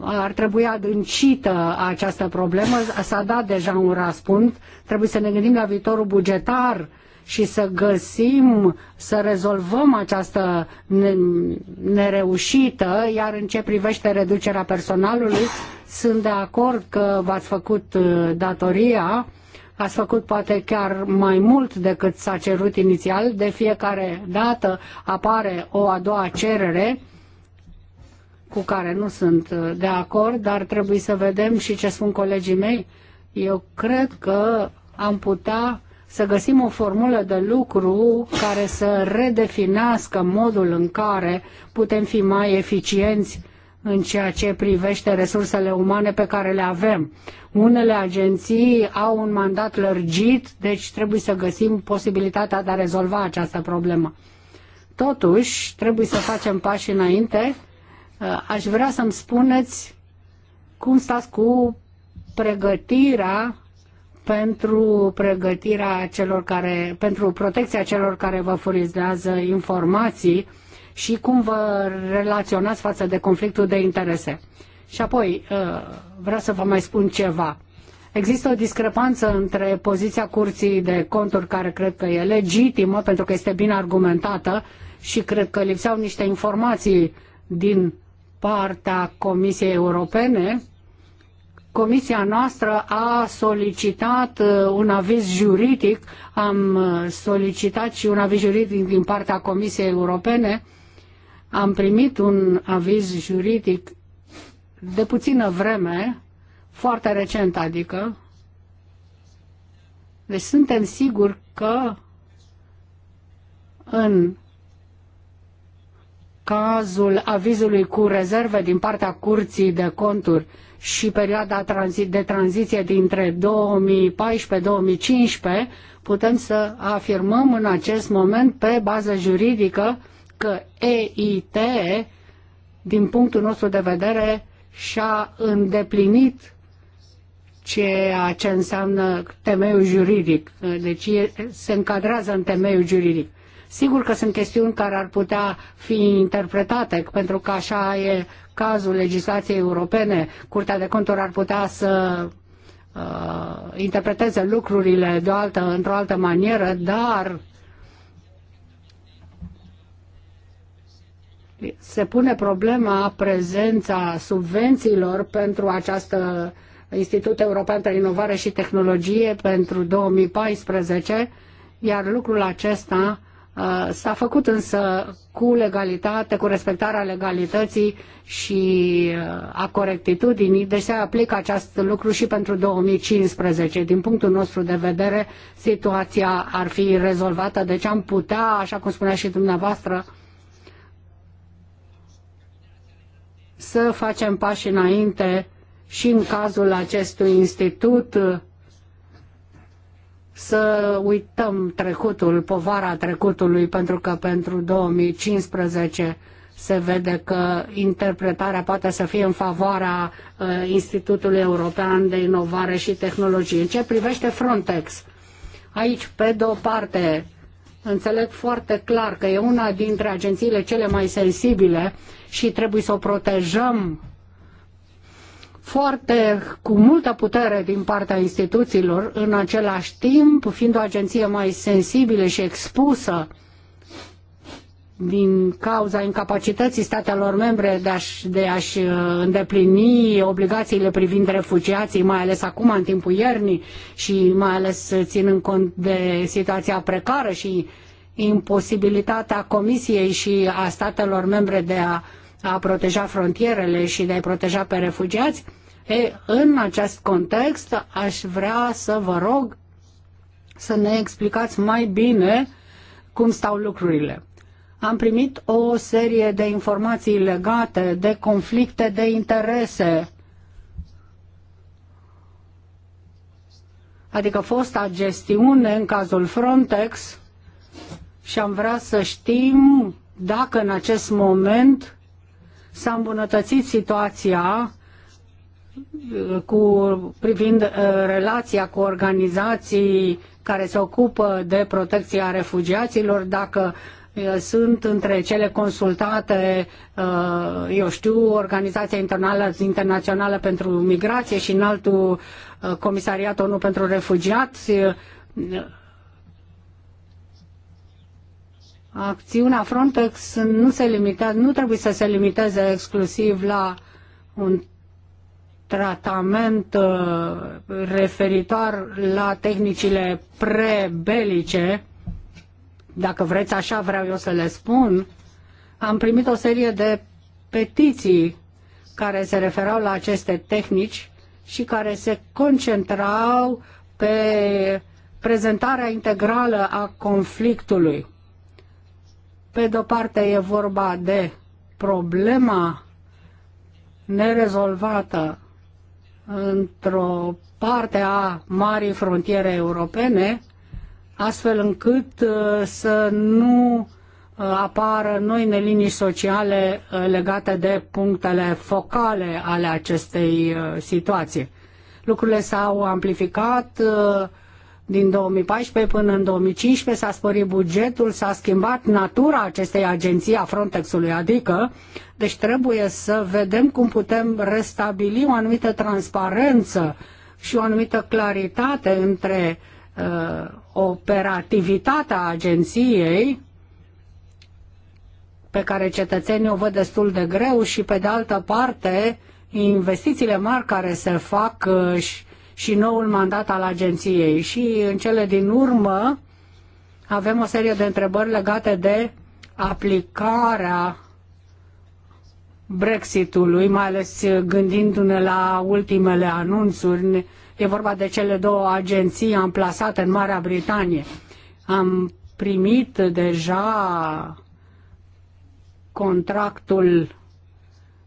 Speaker 1: ar trebui adâncită această problemă. S-a dat deja un răspund. Trebuie să ne gândim la viitorul bugetar și să găsim, să rezolvăm această nereușită, iar în ce privește reducerea personalului, sunt de acord că v-ați făcut uh, datoria, ați făcut poate chiar mai mult decât s-a cerut inițial, de fiecare dată apare o a doua cerere, cu care nu sunt uh, de acord, dar trebuie să vedem și ce spun colegii mei. Eu cred că am putea să găsim o formulă de lucru care să redefinească modul în care putem fi mai eficienți în ceea ce privește resursele umane pe care le avem. Unele agenții au un mandat lărgit, deci trebuie să găsim posibilitatea de a rezolva această problemă. Totuși, trebuie să facem pași înainte. Uh, aș vrea să-mi spuneți cum stați cu pregătirea pentru pregătirea celor care, pentru protecția celor care vă furizează informații și cum vă relaționați față de conflictul de interese. Și apoi, uh, vreau să vă mai spun ceva. Există o discrepanță între poziția curții de conturi, care cred că e legitimă, pentru că este bine argumentată, și cred că lipseau niște informații din partea Comisiei Europene Comisia noastră a solicitat uh, un aviz juridic, am uh, solicitat și un aviz juridic din partea Comisiei Europene, am primit un aviz juridic de puțină vreme, foarte recent adică, deci suntem siguri că în cazul avizului cu rezerve din partea Curții de Conturi și perioada de tranziție dintre 2014-2015, putem să afirmăm în acest moment pe bază juridică că EIT, din punctul nostru de vedere, și-a îndeplinit ceea ce înseamnă temeiul juridic. Deci se încadrează în temeiul juridic. Sigur că sunt chestiuni care ar putea fi interpretate, pentru că așa e cazul legislației europene. Curtea de conturi ar putea să uh, interpreteze lucrurile de o altă, într-o altă manieră, dar se pune problema prezența subvențiilor pentru această Institut European pentru Inovare și Tehnologie pentru 2014, iar lucrul acesta Uh, s-a făcut însă cu legalitate, cu respectarea legalității și uh, a corectitudinii, deci se aplică acest lucru și pentru 2015. Din punctul nostru de vedere, situația ar fi rezolvată, deci am putea, așa cum spunea și dumneavoastră, să facem pași înainte și în cazul acestui institut să uităm trecutul, povara trecutului, pentru că pentru 2015 se vede că interpretarea poate să fie în favoarea uh, Institutului European de Inovare și Tehnologie. În ce privește Frontex, aici, pe de o parte, înțeleg foarte clar că e una dintre agențiile cele mai sensibile și trebuie să o protejăm foarte cu multă putere din partea instituțiilor, în același timp, fiind o agenție mai sensibilă și expusă din cauza incapacității statelor membre de a-și, de a uh, îndeplini obligațiile privind refugiații, mai ales acum în timpul iernii și mai ales ținând cont de situația precară și imposibilitatea Comisiei și a statelor membre de a a proteja frontierele și de a-i proteja pe refugiați, e, în acest context aș vrea să vă rog să ne explicați mai bine cum stau lucrurile. Am primit o serie de informații legate de conflicte de interese adică fosta gestiune în cazul Frontex și am vrea să știm dacă în acest moment s-a îmbunătățit situația uh, cu, privind uh, relația cu organizații care se ocupă de protecția refugiaților, dacă uh, sunt între cele consultate, uh, eu știu, Organizația Internațională, Internațională pentru Migrație și în altul uh, Comisariat ONU pentru Refugiați, uh, acțiunea Frontex nu, se limita, nu trebuie să se limiteze exclusiv la un tratament uh, referitor la tehnicile prebelice, dacă vreți așa vreau eu să le spun, am primit o serie de petiții care se referau la aceste tehnici și care se concentrau pe prezentarea integrală a conflictului pe de-o parte e vorba de problema nerezolvată într-o parte a marii frontiere europene, astfel încât uh, să nu uh, apară noi neliniști sociale uh, legate de punctele focale ale acestei situații. Lucrurile s-au amplificat din 2014 până în 2015 s-a sporit bugetul, s-a schimbat natura acestei agenții a Frontexului, adică, deci trebuie să vedem cum putem restabili o anumită transparență și o anumită claritate între uh, operativitatea agenției pe care cetățenii o văd destul de greu și pe de altă parte investițiile mari care se fac uh, și și noul mandat al agenției. Și în cele din urmă avem o serie de întrebări legate de aplicarea Brexitului, mai ales gândindu-ne la ultimele anunțuri. E vorba de cele două agenții amplasate în Marea Britanie. Am primit deja contractul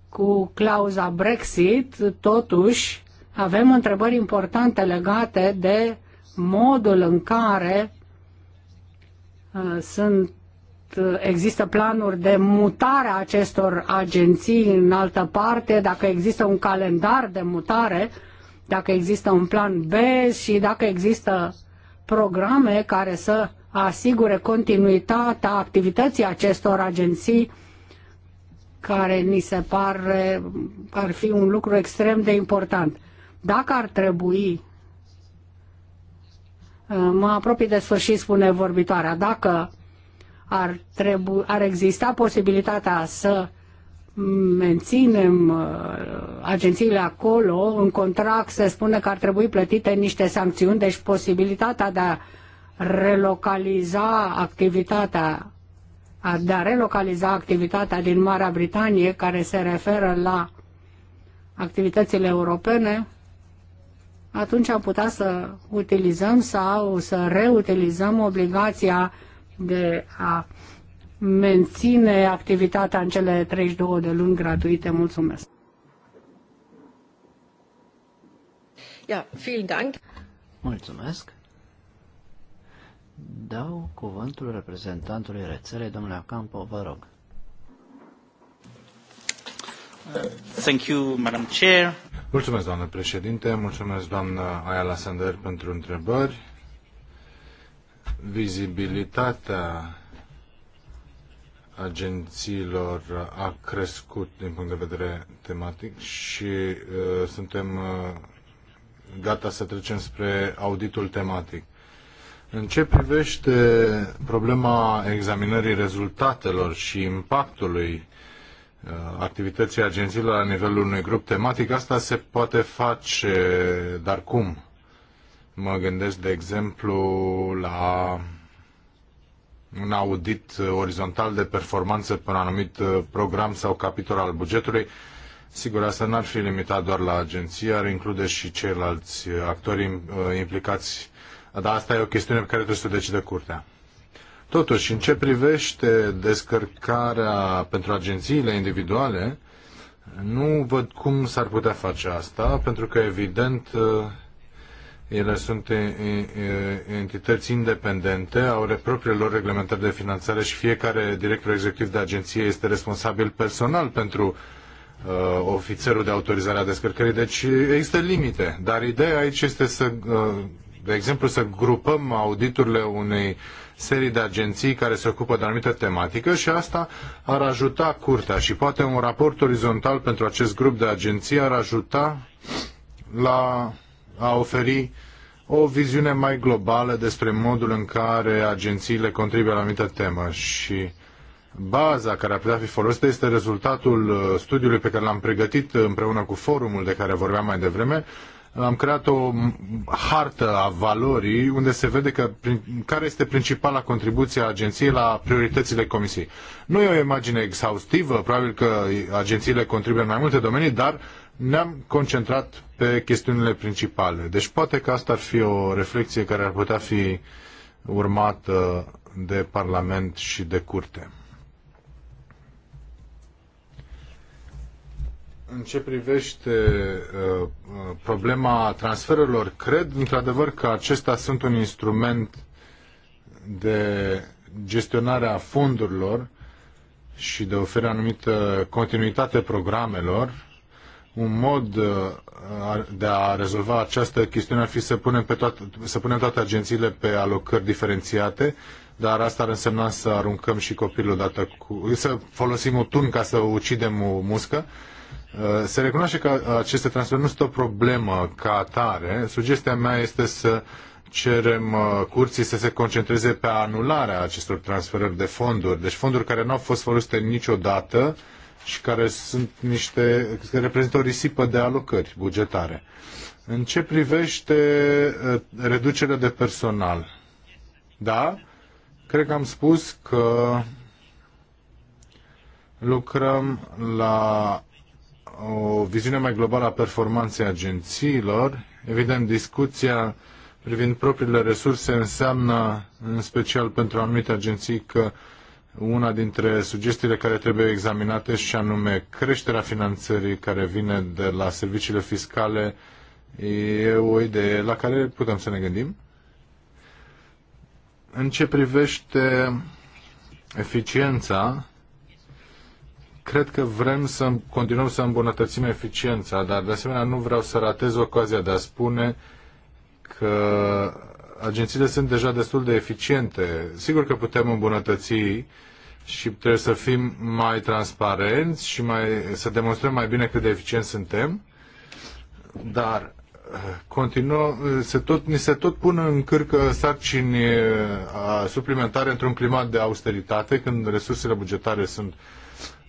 Speaker 1: cu clauza Brexit, totuși avem întrebări importante legate de modul în care uh, sunt, uh, există planuri de mutare a acestor agenții în altă parte, dacă există un calendar de mutare, dacă există un plan B și dacă există programe care să asigure continuitatea activității acestor agenții care ni se pare ar fi un lucru extrem de important. Dacă ar trebui, uh, mă apropii de sfârșit, spune vorbitoarea, dacă ar, trebui, ar exista posibilitatea să menținem uh, agențiile acolo, în contract se spune că ar trebui plătite niște sancțiuni, deci posibilitatea de a relocaliza activitatea de a relocaliza activitatea din Marea Britanie care se referă la activitățile europene atunci am putea să utilizăm sau să reutilizăm obligația de a menține activitatea în cele 32 de luni gratuite. Mulțumesc! Ja, vielen Dank.
Speaker 2: Mulțumesc. Dau cuvântul reprezentantului rețelei, domnule Campo vă rog.
Speaker 3: Thank you, Madam Chair. Mulțumesc, doamnă președinte, mulțumesc, doamnă Ayala Sander, pentru întrebări. Vizibilitatea agențiilor a crescut din punct de vedere tematic și uh, suntem uh, gata să trecem spre auditul tematic. În ce privește problema examinării rezultatelor și impactului Uh, activității agențiilor la nivelul unui grup tematic. Asta se poate face, dar cum? Mă gândesc, de exemplu, la un audit orizontal de performanță pe un anumit uh, program sau capitol al bugetului. Sigur, asta n-ar fi limitat doar la agenție, ar include și ceilalți actori uh, implicați. Dar asta e o chestiune pe care trebuie să o decide curtea. Totuși, în ce privește descărcarea pentru agențiile individuale, nu văd cum s-ar putea face asta, pentru că, evident, ele sunt entități independente, au propriile lor reglementări de finanțare și fiecare director executiv de agenție este responsabil personal pentru uh, ofițerul de autorizare a descărcării. Deci există limite, dar ideea aici este să uh, de exemplu, să grupăm auditurile unei serii de agenții care se ocupă de anumită tematică și asta ar ajuta curtea și poate un raport orizontal pentru acest grup de agenții ar ajuta la a oferi o viziune mai globală despre modul în care agențiile contribuie la anumită temă și baza care ar putea fi folosită este rezultatul uh, studiului pe care l-am pregătit împreună cu forumul de care vorbeam mai devreme, am creat o hartă a valorii unde se vede că, prin, care este principala contribuție a agenției la prioritățile comisiei. Nu e o imagine exhaustivă, probabil că agențiile contribuie în mai multe domenii, dar ne-am concentrat pe chestiunile principale. Deci poate că asta ar fi o reflexie care ar putea fi urmată de Parlament și de Curte. În ce privește uh, uh, problema transferurilor, cred într-adevăr că acestea sunt un instrument de gestionare a fondurilor și de oferă anumită continuitate programelor. Un mod uh, de a rezolva această chestiune ar fi să punem, pe toate, să punem toate agențiile pe alocări diferențiate, dar asta ar însemna să aruncăm și copilul odată cu... să folosim un tun ca să ucidem o muscă Uh, se recunoaște că aceste transferuri nu sunt o problemă ca atare. Sugestia mea este să cerem uh, curții să se concentreze pe anularea acestor transferuri de fonduri. Deci fonduri care nu au fost folosite niciodată și care sunt niște, care reprezintă o risipă de alocări bugetare. În ce privește uh, reducerea de personal? Da? Cred că am spus că lucrăm la o viziune mai globală a performanței agențiilor. Evident, discuția privind propriile resurse înseamnă, în special pentru anumite agenții, că una dintre sugestiile care trebuie examinate și anume creșterea finanțării care vine de la serviciile fiscale e o idee la care putem să ne gândim. În ce privește eficiența, cred că vrem să continuăm să îmbunătățim eficiența, dar de asemenea nu vreau să ratez ocazia de a spune că agențiile sunt deja destul de eficiente. Sigur că putem îmbunătăți și trebuie să fim mai transparenți și mai, să demonstrăm mai bine cât de eficienți suntem, dar eh, continuă, eh, se tot, ni se tot pun în cârcă sarcini eh, suplimentare într-un climat de austeritate, când resursele bugetare sunt uh,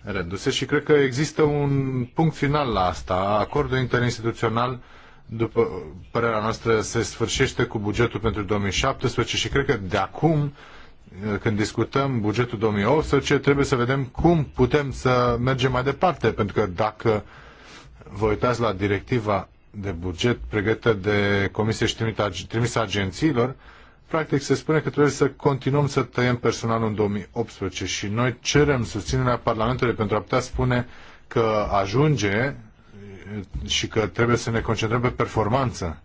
Speaker 3: reduse și cred că există un punct final la asta. Acordul interinstituțional, după părerea noastră, se sfârșește cu bugetul pentru 2017 și cred că de acum, când discutăm bugetul 2018, trebuie să vedem cum putem să mergem mai departe, pentru că dacă vă uitați la directiva de buget pregătită de Comisie și trimisă agențiilor, practic se spune că trebuie să continuăm să tăiem personalul în 2018 și noi cerem susținerea Parlamentului pentru a putea spune că ajunge și că trebuie să ne concentrăm pe performanță.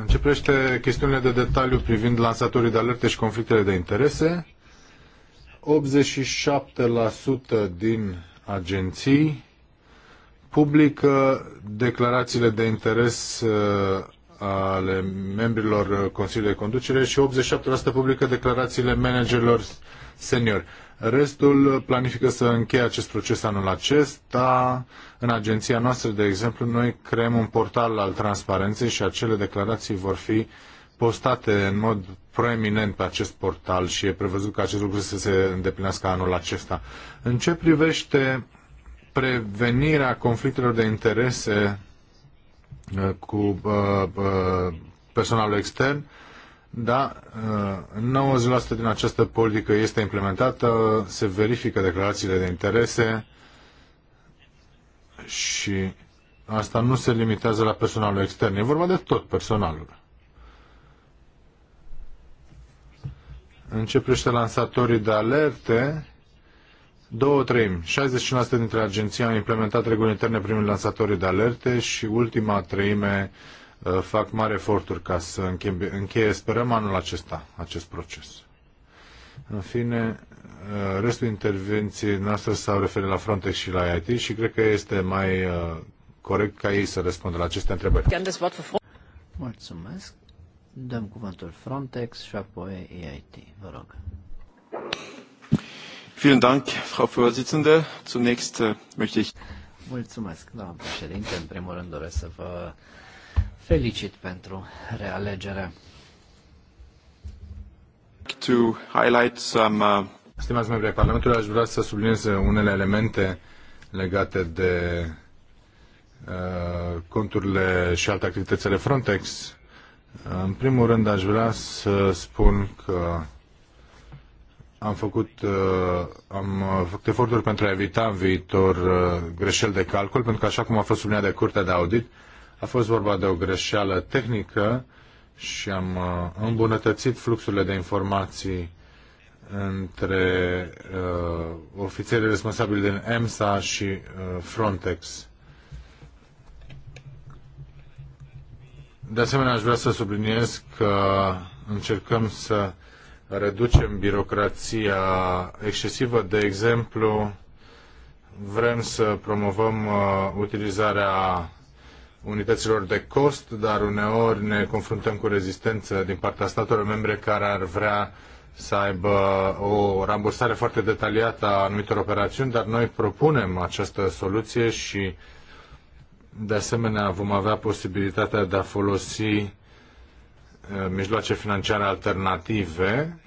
Speaker 3: Începește chestiunile de detaliu privind lansatorii de alerte și conflictele de interese, 87% din agenții publică declarațiile de interes ale membrilor uh, Consiliului de Conducere și 87% publică declarațiile managerilor seniori. Restul planifică să încheie acest proces anul acesta. În agenția noastră, de exemplu, noi creăm un portal al transparenței și acele declarații vor fi postate în mod proeminent pe acest portal și e prevăzut că acest lucru să se îndeplinească anul acesta. În ce privește prevenirea conflictelor de interese cu uh, uh, personalul extern, da, 90% uh, din această politică este implementată, se verifică declarațiile de interese și asta nu se limitează la personalul extern, e vorba de tot personalul. În ce lansatorii de alerte, Două treimi. 61% dintre agenții au implementat reguli interne primul lansatorii de alerte și ultima treime uh, fac mari eforturi ca să încheie, încheie sperăm anul acesta, acest proces. În fine, uh, restul intervenției noastre s-au referit la Frontex și la IT și cred că este mai uh, corect ca ei să răspundă la aceste întrebări.
Speaker 2: Mulțumesc. Dăm cuvântul Frontex și apoi EIT. Vă rog.
Speaker 3: Vielen Dank, Frau Vorsitzende. Zunächst äh, möchte ich...
Speaker 2: Mulțumesc, doamnă președinte. În primul rând doresc să vă felicit pentru realegere.
Speaker 3: To highlight some, uh... Stimați membri ai Parlamentului, aș vrea să subliniez unele elemente legate de uh, conturile și alte activitățile Frontex. În primul rând aș vrea să spun că am făcut, uh, am făcut eforturi pentru a evita în viitor uh, greșeli de calcul, pentru că așa cum a fost subliniat de Curtea de Audit, a fost vorba de o greșeală tehnică și am uh, îmbunătățit fluxurile de informații între uh, ofițerii responsabili din EMSA și uh, Frontex. De asemenea, aș vrea să subliniez că încercăm să reducem birocrația excesivă. De exemplu, vrem să promovăm uh, utilizarea unităților de cost, dar uneori ne confruntăm cu rezistență din partea statelor membre care ar vrea să aibă o rambursare foarte detaliată a anumitor operațiuni, dar noi propunem această soluție și de asemenea vom avea posibilitatea de a folosi Uh, mijloace financiare alternative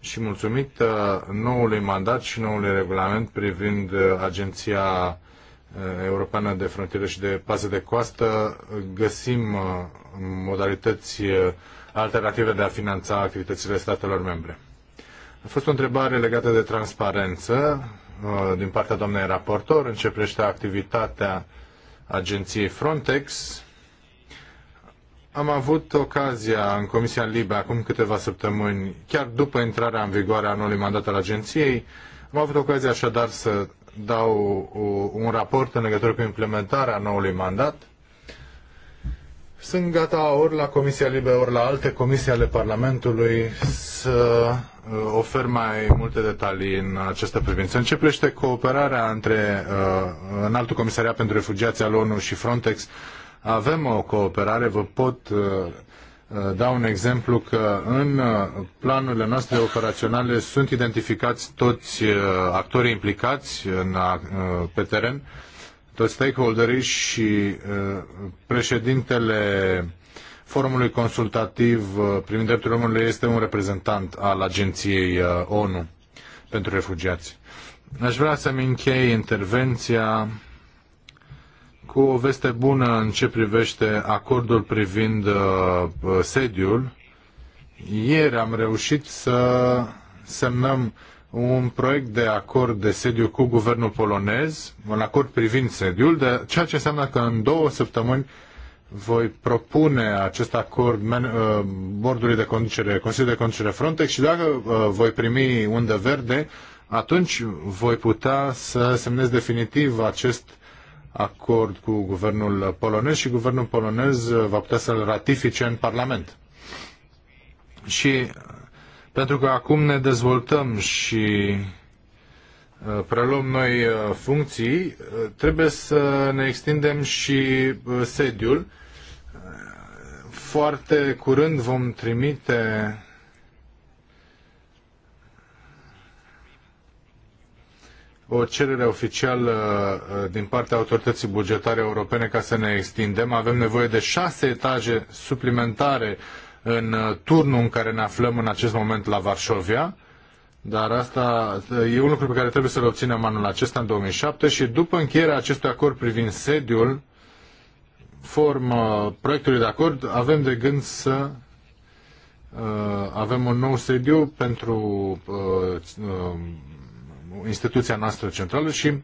Speaker 3: și mulțumită uh, noului mandat și noului regulament privind uh, Agenția Europeană de Frontieră și de Pază de Coastă, găsim modalități alternative de a finanța activitățile statelor membre. A fost o întrebare legată de transparență din partea doamnei raportor, începește activitatea agenției Frontex, am avut ocazia în Comisia Libe acum câteva săptămâni, chiar după intrarea în vigoare a noului mandat al agenției, am avut ocazia așadar să dau un raport în legătură cu implementarea noului mandat. Sunt gata ori la Comisia Libe, ori la alte comisii ale Parlamentului să uh, ofer mai multe detalii în această privință. Începește cooperarea între uh, Înaltul Comisariat pentru refugiații al ONU și Frontex avem o cooperare, vă pot uh, uh, da un exemplu că în uh, planurile noastre operaționale sunt identificați toți actorii implicați în, pe teren, toți stakeholderii și președintele forumului consultativ privind drepturile omului este un reprezentant al agenției ONU pentru refugiați. Aș vrea să-mi închei intervenția cu o veste bună în ce privește acordul privind uh, uh, sediul. Ieri am reușit să semnăm un proiect de acord de sediu cu guvernul polonez, un acord privind sediul, de, ceea ce înseamnă că în două săptămâni voi propune acest acord man, uh, bordului de conducere, Consiliul de Conducere Frontex și dacă uh, voi primi undă verde, atunci voi putea să semnez definitiv acest acord cu guvernul polonez și guvernul polonez va putea să-l ratifice în Parlament. Și pentru că acum ne dezvoltăm și uh, preluăm noi uh, funcții, uh, trebuie să ne extindem și sediul. Foarte curând vom trimite o cerere oficială uh, din partea autorității bugetare europene ca să ne extindem. Avem nevoie de șase etaje suplimentare în uh, turnul în care ne aflăm în acest moment la Varșovia. Dar asta uh, e un lucru pe care trebuie să-l obținem anul acesta, în 2007, și după încheierea acestui acord privind sediul, formă proiectului de acord, avem de gând să avem un nou sediu pentru instituția noastră centrală și uh,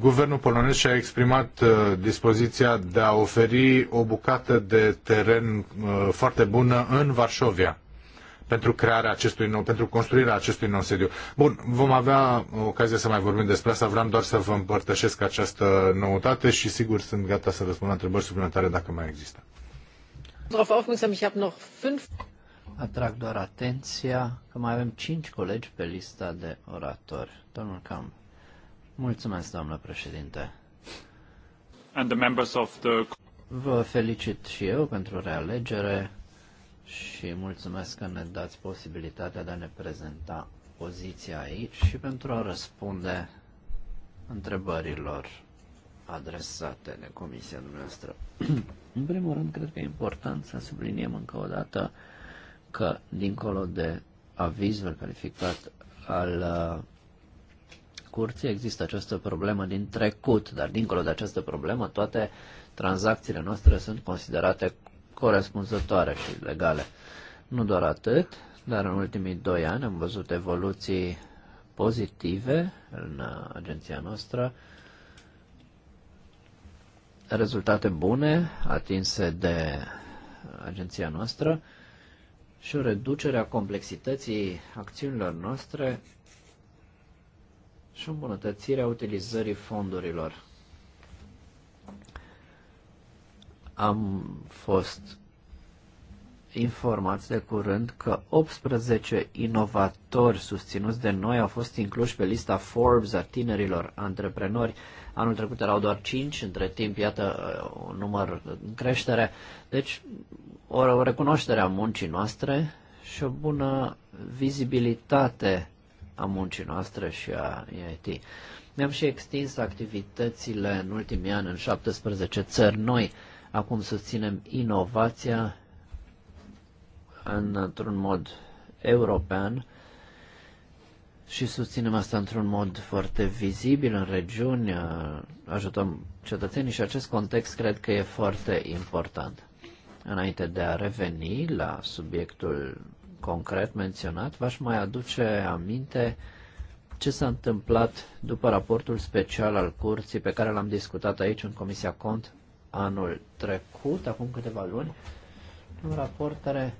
Speaker 3: guvernul polonez și-a exprimat uh, dispoziția de a oferi o bucată de teren uh, foarte bună în Varșovia pentru crearea acestui nou, pentru construirea acestui nou sediu. Bun, vom avea ocazia să mai vorbim despre asta, vreau doar să vă împărtășesc această noutate și sigur sunt gata să răspund la întrebări suplimentare dacă mai există
Speaker 2: atrag doar atenția că mai avem cinci colegi pe lista de oratori. Domnul Cam, Mulțumesc, doamnă președinte. And the members of the... Vă felicit și eu pentru realegere și mulțumesc că ne dați posibilitatea de a ne prezenta poziția aici și pentru a răspunde întrebărilor adresate de comisia noastră. În primul rând, cred că e important să subliniem încă o dată că, dincolo de avizul calificat al uh, curții, există această problemă din trecut, dar dincolo de această problemă, toate tranzacțiile noastre sunt considerate corespunzătoare și legale. Nu doar atât, dar în ultimii doi ani am văzut evoluții pozitive în agenția noastră, rezultate bune atinse de agenția noastră și o reducere a complexității acțiunilor noastre și o îmbunătățire a utilizării fondurilor. Am fost informați de curând că 18 inovatori susținuți de noi au fost incluși pe lista Forbes a tinerilor antreprenori. Anul trecut erau doar 5, între timp, iată, un număr în creștere. Deci, o recunoaștere a muncii noastre și o bună vizibilitate a muncii noastre și a IIT. Ne-am și extins activitățile în ultimii ani în 17 țări noi. Acum susținem inovația într-un mod european și susținem asta într-un mod foarte vizibil în regiuni, uh, ajutăm cetățenii și acest context cred că e foarte important. Înainte de a reveni la subiectul concret menționat, v-aș mai aduce aminte ce s-a întâmplat după raportul special al curții pe care l-am discutat aici în Comisia Cont anul trecut, acum câteva luni, un raport care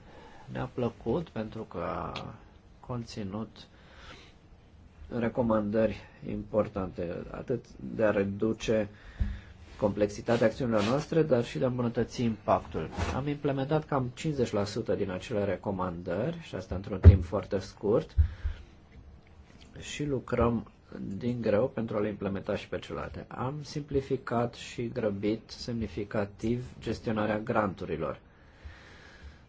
Speaker 2: ne-a plăcut pentru că a conținut recomandări importante, atât de a reduce complexitatea acțiunilor noastre, dar și de a îmbunătăți impactul. Am implementat cam 50% din acele recomandări, și asta într-un timp foarte scurt, și lucrăm din greu pentru a le implementa și pe celelalte. Am simplificat și grăbit semnificativ gestionarea granturilor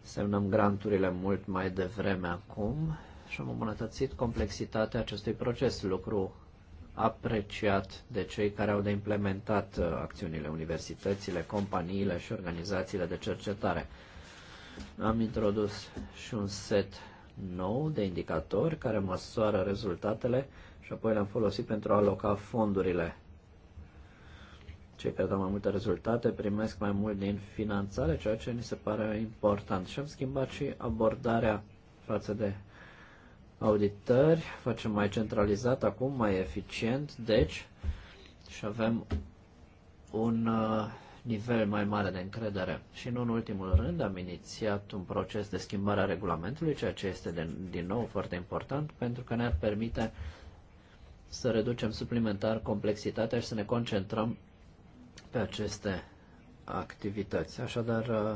Speaker 2: semnăm granturile mult mai devreme acum și am îmbunătățit complexitatea acestui proces, lucru apreciat de cei care au de implementat uh, acțiunile, universitățile, companiile și organizațiile de cercetare. Am introdus și un set nou de indicatori care măsoară rezultatele și apoi le-am folosit pentru a aloca fondurile cei care dau mai multe rezultate primesc mai mult din finanțare, ceea ce ni se pare important. Și am schimbat și abordarea față de auditări, facem mai centralizat acum, mai eficient, deci, și avem un uh, nivel mai mare de încredere. Și nu în ultimul rând am inițiat un proces de schimbare a regulamentului, ceea ce este de, din nou foarte important pentru că ne-ar permite să reducem suplimentar complexitatea și să ne concentrăm pe aceste activități. Așadar, uh,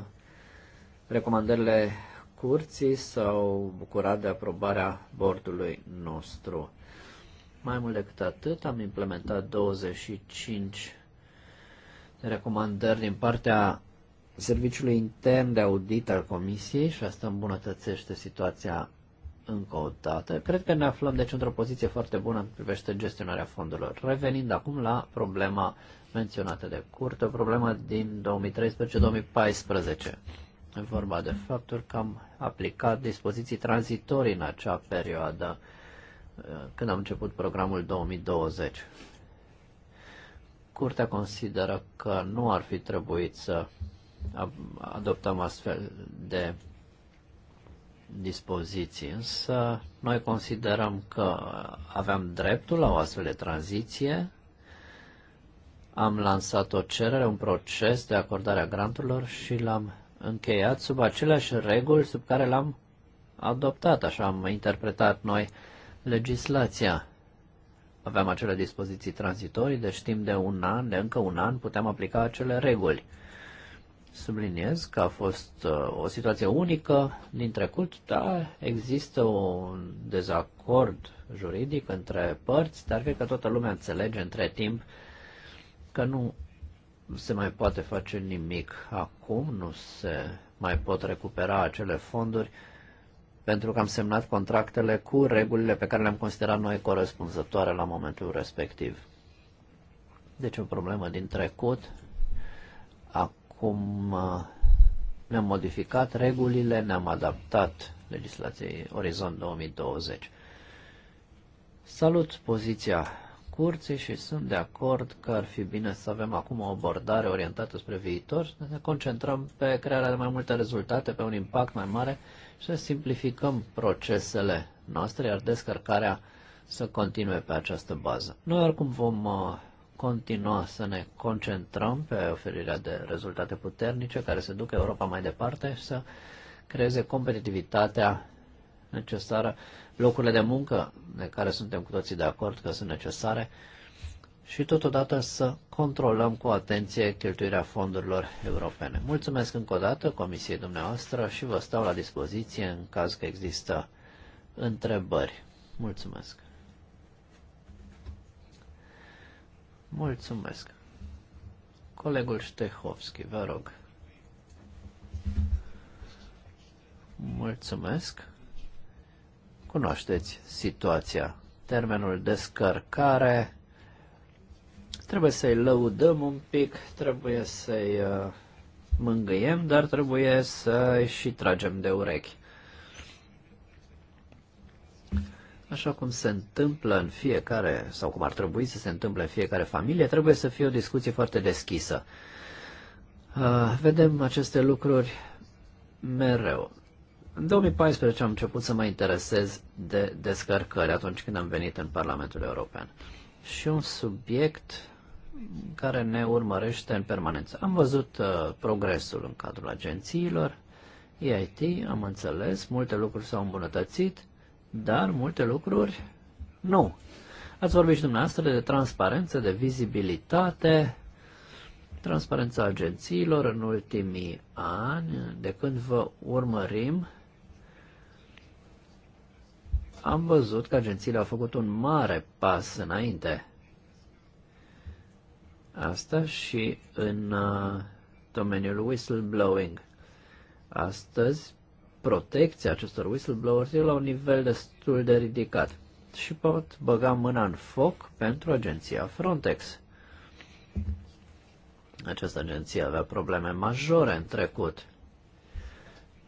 Speaker 2: recomandările curții s-au bucurat de aprobarea bordului nostru. Mai mult decât atât, am implementat 25 de recomandări din partea Serviciului Intern de Audit al Comisiei și asta îmbunătățește situația încă o dată. Cred că ne aflăm deci într-o poziție foarte bună în privește gestionarea fondurilor. Revenind acum la problema menționate de curte, o problemă din 2013-2014. E vorba de faptul că am aplicat dispoziții tranzitorii în acea perioadă uh, când am început programul 2020. Curtea consideră că nu ar fi trebuit să adoptăm astfel de dispoziții, însă noi considerăm că aveam dreptul la o astfel de tranziție am lansat o cerere, un proces de acordare a granturilor și l-am încheiat sub aceleași reguli sub care l-am adoptat, așa am interpretat noi legislația. Aveam acele dispoziții tranzitorii, deci timp de un an, de încă un an, puteam aplica acele reguli. Subliniez că a fost uh, o situație unică din trecut, dar există un dezacord juridic între părți, dar cred că toată lumea înțelege între timp că nu se mai poate face nimic acum, nu se mai pot recupera acele fonduri, pentru că am semnat contractele cu regulile pe care le-am considerat noi corespunzătoare la momentul respectiv. Deci o problemă din trecut. Acum uh, ne-am modificat regulile, ne-am adaptat legislației Orizont 2020. Salut poziția curții și sunt de acord că ar fi bine să avem acum o abordare orientată spre viitor, să ne concentrăm pe crearea de mai multe rezultate, pe un impact mai mare și să simplificăm procesele noastre, iar descărcarea să continue pe această bază. Noi oricum vom uh, continua să ne concentrăm pe oferirea de rezultate puternice care să ducă Europa mai departe și să creeze competitivitatea necesară locurile de muncă de care suntem cu toții de acord că sunt necesare și totodată să controlăm cu atenție cheltuirea fondurilor europene. Mulțumesc încă o dată Comisiei dumneavoastră și vă stau la dispoziție în caz că există întrebări. Mulțumesc! Mulțumesc! Colegul Ștehovski, vă rog. Mulțumesc! Cunoașteți situația. Termenul descărcare trebuie să-i lăudăm un pic, trebuie să-i uh, mângâiem, dar trebuie să-i și tragem de urechi. Așa cum se întâmplă în fiecare, sau cum ar trebui să se întâmple în fiecare familie, trebuie să fie o discuție foarte deschisă. Uh, vedem aceste lucruri mereu. În 2014 am început să mă interesez de descărcări atunci când am venit în Parlamentul European. Și un subiect care ne urmărește în permanență. Am văzut uh, progresul în cadrul agențiilor, EIT, am înțeles, multe lucruri s-au îmbunătățit, dar multe lucruri nu. Ați vorbit și dumneavoastră de transparență, de vizibilitate, transparența agențiilor în ultimii ani, de când vă urmărim, am văzut că agențiile au făcut un mare pas înainte. Asta și în uh, domeniul whistleblowing. Astăzi, protecția acestor whistleblowers e la un nivel destul de ridicat și pot băga mâna în foc pentru agenția Frontex. Această agenție avea probleme majore în trecut.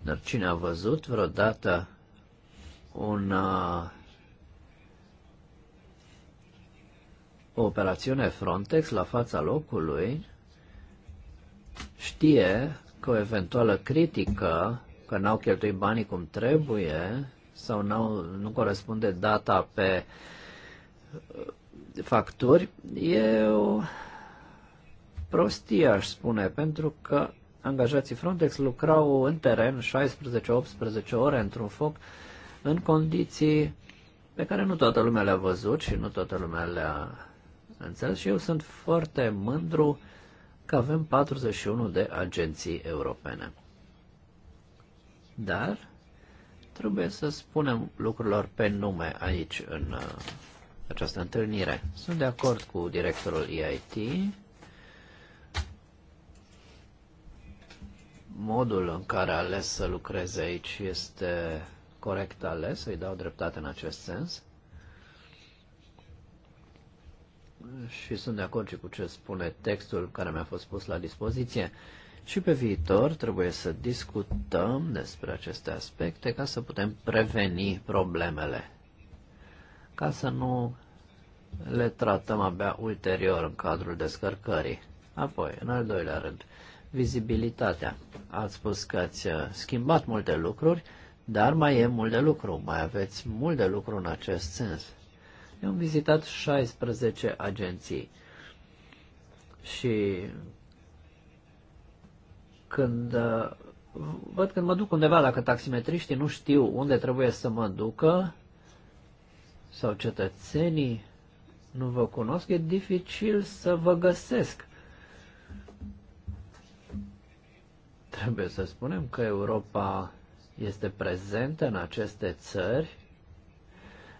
Speaker 2: Dar cine a văzut vreodată un, uh, o operațiune Frontex la fața locului știe că o eventuală critică că n-au cheltuit banii cum trebuie sau nu corespunde data pe uh, facturi, e o prostie, aș spune, pentru că angajații Frontex lucrau în teren 16-18 ore într-un foc în condiții pe care nu toată lumea le-a văzut și nu toată lumea le-a înțeles și eu sunt foarte mândru că avem 41 de agenții europene. Dar trebuie să spunem lucrurilor pe nume aici în uh, această întâlnire. Sunt de acord cu directorul EIT. Modul în care a ales să lucreze aici este corect ales, să-i dau dreptate în acest sens. Și sunt de acord și cu ce spune textul care mi-a fost pus la dispoziție. Și pe viitor trebuie să discutăm despre aceste aspecte ca să putem preveni problemele, ca să nu le tratăm abia ulterior în cadrul descărcării. Apoi, în al doilea rând, vizibilitatea. Ați spus că ați schimbat multe lucruri, dar mai e mult de lucru, mai aveți mult de lucru în acest sens. Eu am vizitat 16 agenții și când uh, văd când mă duc undeva, dacă taximetriștii nu știu unde trebuie să mă ducă sau cetățenii nu vă cunosc, e dificil să vă găsesc. Trebuie să spunem că Europa este prezentă în aceste țări,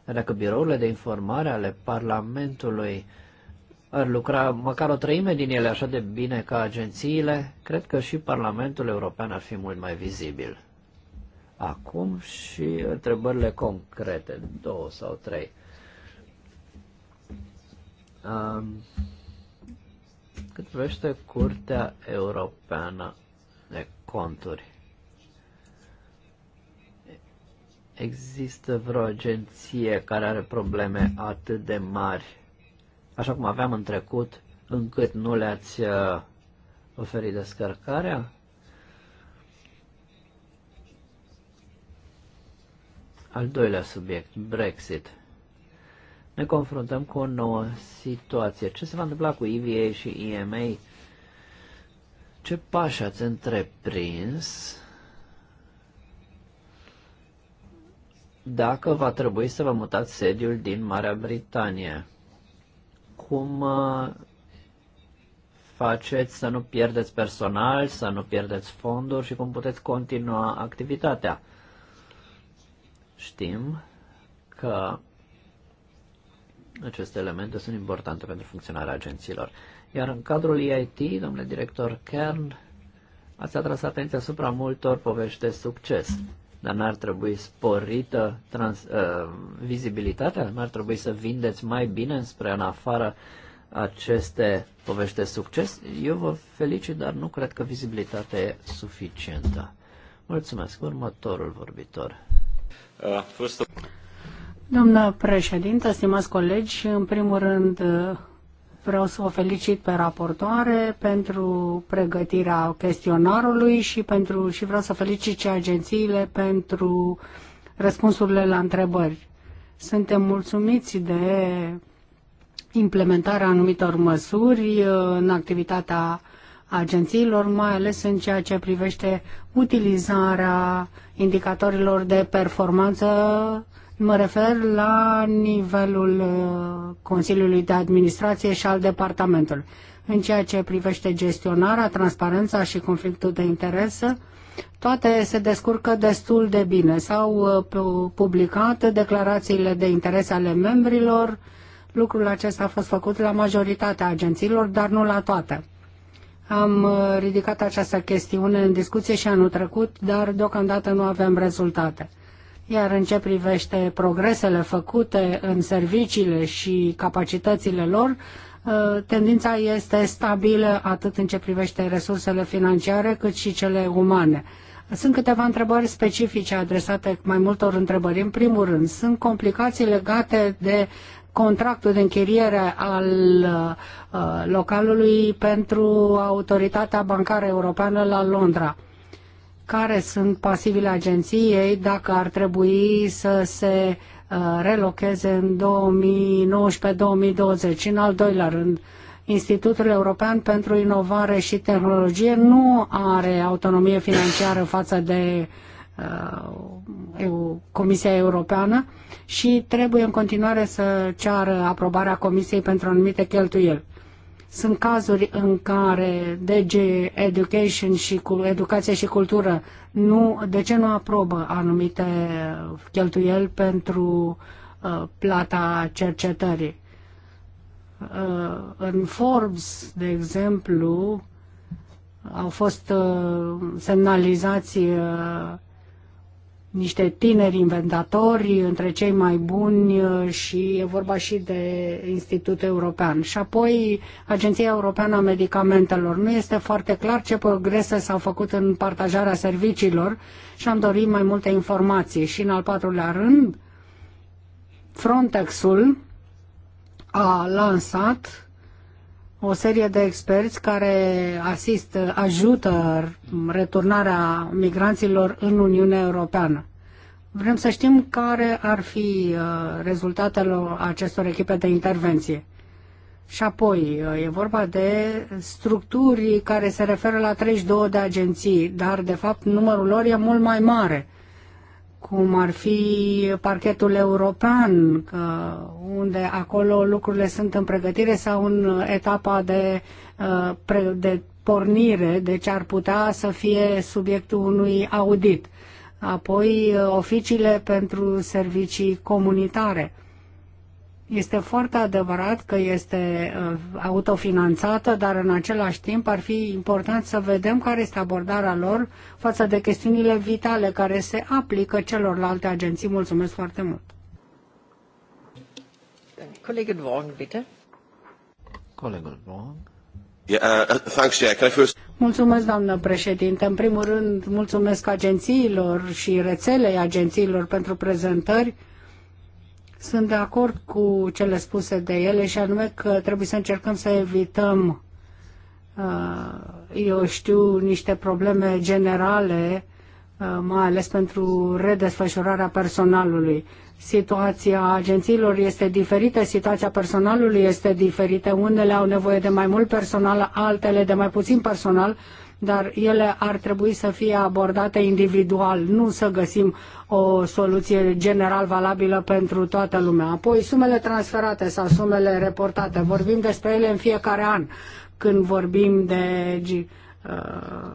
Speaker 2: dacă birourile de informare ale Parlamentului ar lucra măcar o treime din ele așa de bine ca agențiile, cred că și Parlamentul European ar fi mult mai vizibil. Acum și întrebările concrete, două sau trei. Um, cât privește Curtea Europeană de Conturi. există vreo agenție care are probleme atât de mari, așa cum aveam în trecut, încât nu le-ați uh, oferit descărcarea? Al doilea subiect, Brexit. Ne confruntăm cu o nouă situație. Ce se va întâmpla cu EVA și EMA? Ce pași ați întreprins dacă va trebui să vă mutați sediul din Marea Britanie. Cum uh, faceți să nu pierdeți personal, să nu pierdeți fonduri și cum puteți continua activitatea? Știm că aceste elemente sunt importante pentru funcționarea agențiilor. Iar în cadrul EIT, domnule director Kern, ați atras atenția asupra multor povești de succes dar n-ar trebui sporită trans, uh, vizibilitatea? N-ar trebui să vindeți mai bine spre în afară aceste povești de succes? Eu vă felicit, dar nu cred că vizibilitatea e suficientă. Mulțumesc. Următorul vorbitor. Uh,
Speaker 1: Doamnă președintă, stimați colegi, în primul rând uh, Vreau să o felicit pe raportoare pentru pregătirea chestionarului și, pentru, și vreau să felicit și agențiile pentru răspunsurile la întrebări. Suntem mulțumiți de implementarea anumitor măsuri uh, în activitatea agențiilor, mai ales în ceea ce privește utilizarea indicatorilor de performanță Mă refer la nivelul uh, Consiliului de Administrație și al Departamentului. În ceea ce privește gestionarea, transparența și conflictul de interesă, toate se descurcă destul de bine. S-au uh, publicat declarațiile de interes ale membrilor. Lucrul acesta a fost făcut la majoritatea agențiilor, dar nu la toate. Am uh, ridicat această chestiune în discuție și anul trecut, dar deocamdată nu avem rezultate. Iar în ce privește progresele făcute în serviciile și capacitățile lor, ă, tendința este stabilă atât în ce privește resursele financiare cât și cele umane. Sunt câteva întrebări specifice adresate mai multor întrebări. În primul rând, sunt complicații legate de contractul de închiriere al uh, localului pentru Autoritatea Bancară Europeană la Londra. Uh, care sunt pasibile agenției dacă ar trebui să se uh, relocheze în 2019-2020. În al doilea rând, Institutul European pentru Inovare și Tehnologie nu are autonomie financiară față de uh, Comisia Europeană și trebuie în continuare să ceară aprobarea Comisiei pentru anumite cheltuieli. Sunt cazuri în care DG Education și Educație și Cultură nu, de ce nu aprobă anumite cheltuieli pentru uh, plata cercetării? Uh, în Forbes, de exemplu, au fost uh, semnalizați uh, niște tineri inventatori între cei mai buni uh, și e vorba și de Institutul European. Și apoi Agenția Europeană a Medicamentelor. Nu este foarte clar ce progrese s-au făcut în partajarea serviciilor și am dorit mai multe informații. Și în al patrulea rând, Frontexul a lansat o serie de experți care asistă, ajută returnarea migranților în Uniunea Europeană. Vrem să știm care ar fi uh, rezultatele acestor echipe de intervenție. Și apoi, uh, e vorba de structuri care se referă la 32 de agenții, dar de fapt numărul lor e mult mai mare – cum ar fi parchetul european, că unde acolo lucrurile sunt în pregătire sau în etapa de, uh, de pornire, deci ar putea să fie subiectul unui audit. Apoi uh, oficiile pentru servicii comunitare este foarte adevărat că este uh, autofinanțată, dar în același timp ar fi important să vedem care este abordarea lor față de chestiunile vitale care se aplică celorlalte agenții. Mulțumesc foarte mult!
Speaker 2: Colegul Vong, bitte. Colegul Vaughan.
Speaker 3: Uh, uh,
Speaker 1: mulțumesc, doamnă președinte. În primul rând, mulțumesc agențiilor și rețelei agențiilor pentru prezentări sunt de acord cu cele spuse de ele și anume că trebuie să încercăm să evităm, uh, eu știu, niște probleme generale, uh, mai ales pentru redesfășurarea personalului. Situația agențiilor este diferită, situația personalului este diferită. Unele au nevoie de mai mult personal, altele de mai puțin personal dar ele ar trebui să fie abordate individual, nu să găsim o soluție general valabilă pentru toată lumea. Apoi sumele transferate sau sumele reportate, vorbim despre ele în fiecare an când vorbim de uh,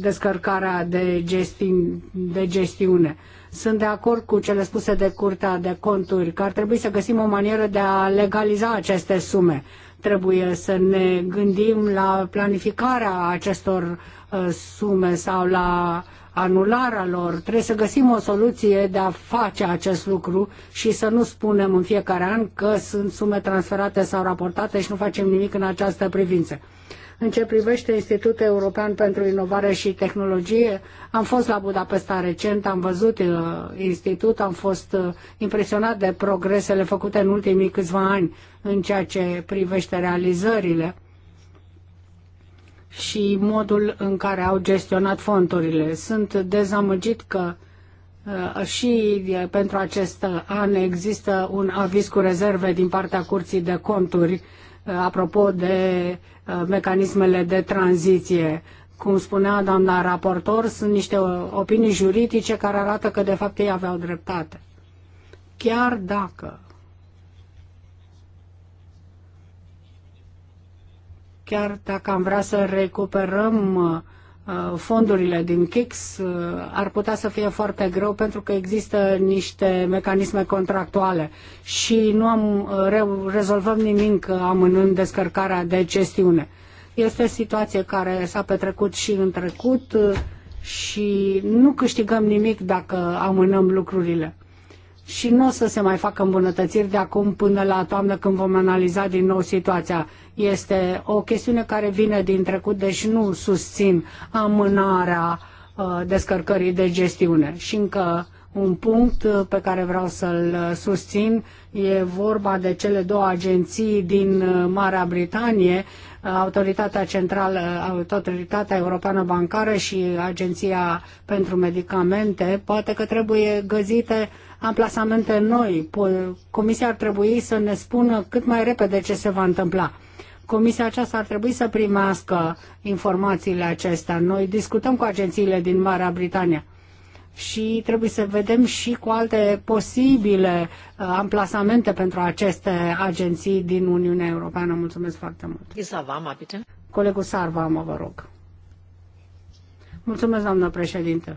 Speaker 1: descărcarea de, gesti- de gestiune. Sunt de acord cu cele spuse de Curtea de Conturi, că ar trebui să găsim o manieră de a legaliza aceste sume Trebuie să ne gândim la planificarea acestor uh, sume sau la anularea lor. Trebuie să găsim o soluție de a face acest lucru și să nu spunem în fiecare an că sunt sume transferate sau raportate și nu facem nimic în această privință. În ce privește Institutul European pentru Inovare și Tehnologie, am fost la Budapesta recent, am văzut institutul, uh, institut, am fost uh, impresionat de progresele făcute în ultimii câțiva ani în ceea ce privește realizările și modul în care au gestionat fondurile. Sunt dezamăgit că uh, și pentru acest an există un aviz cu rezerve din partea Curții de Conturi apropo de uh, mecanismele de tranziție. Cum spunea doamna raportor, sunt niște uh, opinii juridice care arată că de fapt ei aveau dreptate. Chiar dacă chiar dacă am vrea să recuperăm uh, Uh, fondurile din KIX uh, ar putea să fie foarte greu pentru că există niște mecanisme contractuale și nu am, uh, rezolvăm nimic amânând descărcarea de gestiune. Este situație care s-a petrecut și în trecut și nu câștigăm nimic dacă amânăm lucrurile și nu o să se mai facă îmbunătățiri de acum până la toamnă când vom analiza din nou situația. Este o chestiune care vine din trecut, deci nu susțin amânarea uh, descărcării de gestiune. Și încă un punct uh, pe care vreau să-l uh, susțin. E vorba de cele două agenții din uh, Marea Britanie, Autoritatea Centrală, Autoritatea Europeană Bancară și Agenția pentru Medicamente. Poate că trebuie găzite amplasamente noi. Comisia ar trebui să ne spună cât mai repede ce se va întâmpla. Comisia aceasta ar trebui să primească informațiile acestea. Noi discutăm cu agențiile din Marea Britanie și trebuie să vedem și cu alte posibile uh, amplasamente pentru aceste agenții din Uniunea Europeană. Mulțumesc foarte mult. Savama, Colegul Sarvama, vă rog. Mulțumesc, doamnă președinte.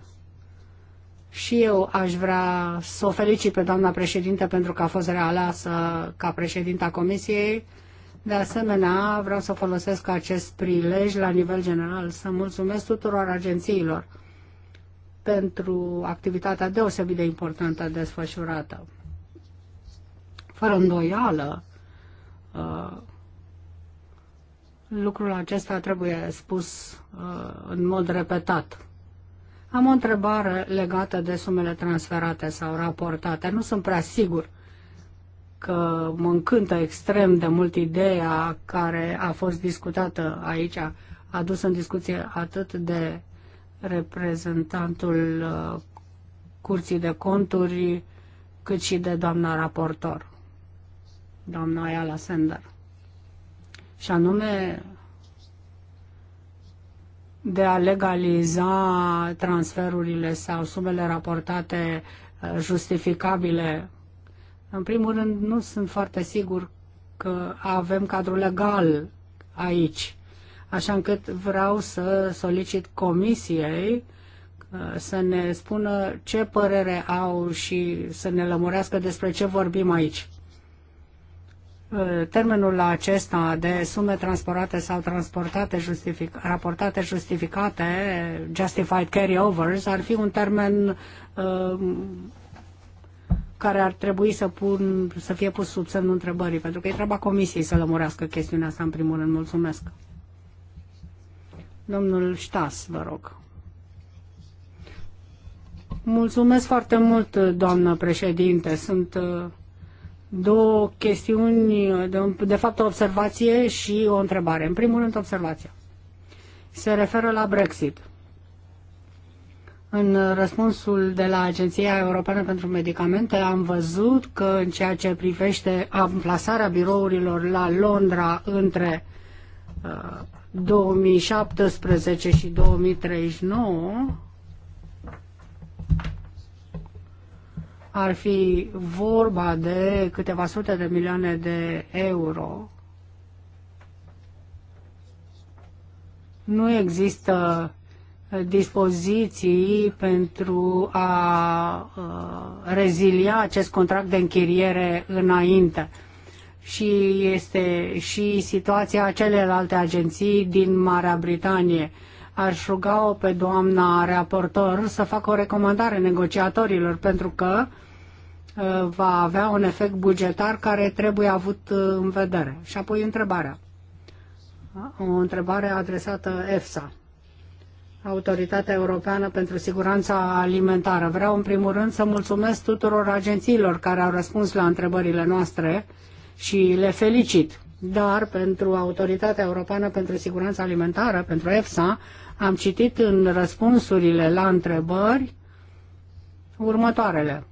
Speaker 1: Și eu aș vrea să o felicit pe doamna președinte pentru că a fost realeasă ca președinta Comisiei. De asemenea, vreau să folosesc acest prilej la nivel general să mulțumesc tuturor agențiilor pentru activitatea deosebit de importantă desfășurată. Fără îndoială, uh, lucrul acesta trebuie spus uh, în mod repetat. Am o întrebare legată de sumele transferate sau raportate. Nu sunt prea sigur că mă încântă extrem de mult ideea care a fost discutată aici, adusă în discuție atât de reprezentantul uh, Curții de Conturi, cât și de doamna raportor, doamna Ayala Sender. Și anume de a legaliza transferurile sau sumele raportate uh, justificabile. În primul rând, nu sunt foarte sigur că avem cadrul legal aici așa încât vreau să solicit comisiei uh, să ne spună ce părere au și să ne lămurească despre ce vorbim aici. Uh, termenul acesta de sume transportate sau transportate justific- raportate justificate, justified carryovers, ar fi un termen uh, care ar trebui să, pun, să fie pus sub semnul întrebării, pentru că e treaba comisiei să lămurească chestiunea asta în primul rând. Mulțumesc! Domnul Ștas, vă rog. Mulțumesc foarte mult, doamnă președinte. Sunt uh, două chestiuni, de fapt o observație și o întrebare. În primul rând, observația. Se referă la Brexit. În răspunsul de la Agenția Europeană pentru Medicamente am văzut că în ceea ce privește amplasarea birourilor la Londra între uh, 2017 și 2039 ar fi vorba de câteva sute de milioane de euro. Nu există uh, dispoziții pentru a uh, rezilia acest contract de închiriere înainte și este și situația celelalte agenții din Marea Britanie. Aș ruga-o pe doamna raportor să facă o recomandare negociatorilor, pentru că uh, va avea un efect bugetar care trebuie avut uh, în vedere. Și apoi întrebarea. O întrebare adresată EFSA. Autoritatea Europeană pentru Siguranța Alimentară. Vreau în primul rând să mulțumesc tuturor agențiilor care au răspuns la întrebările noastre și le felicit. Dar pentru Autoritatea Europeană pentru Siguranța Alimentară, pentru EFSA, am citit în răspunsurile la întrebări următoarele.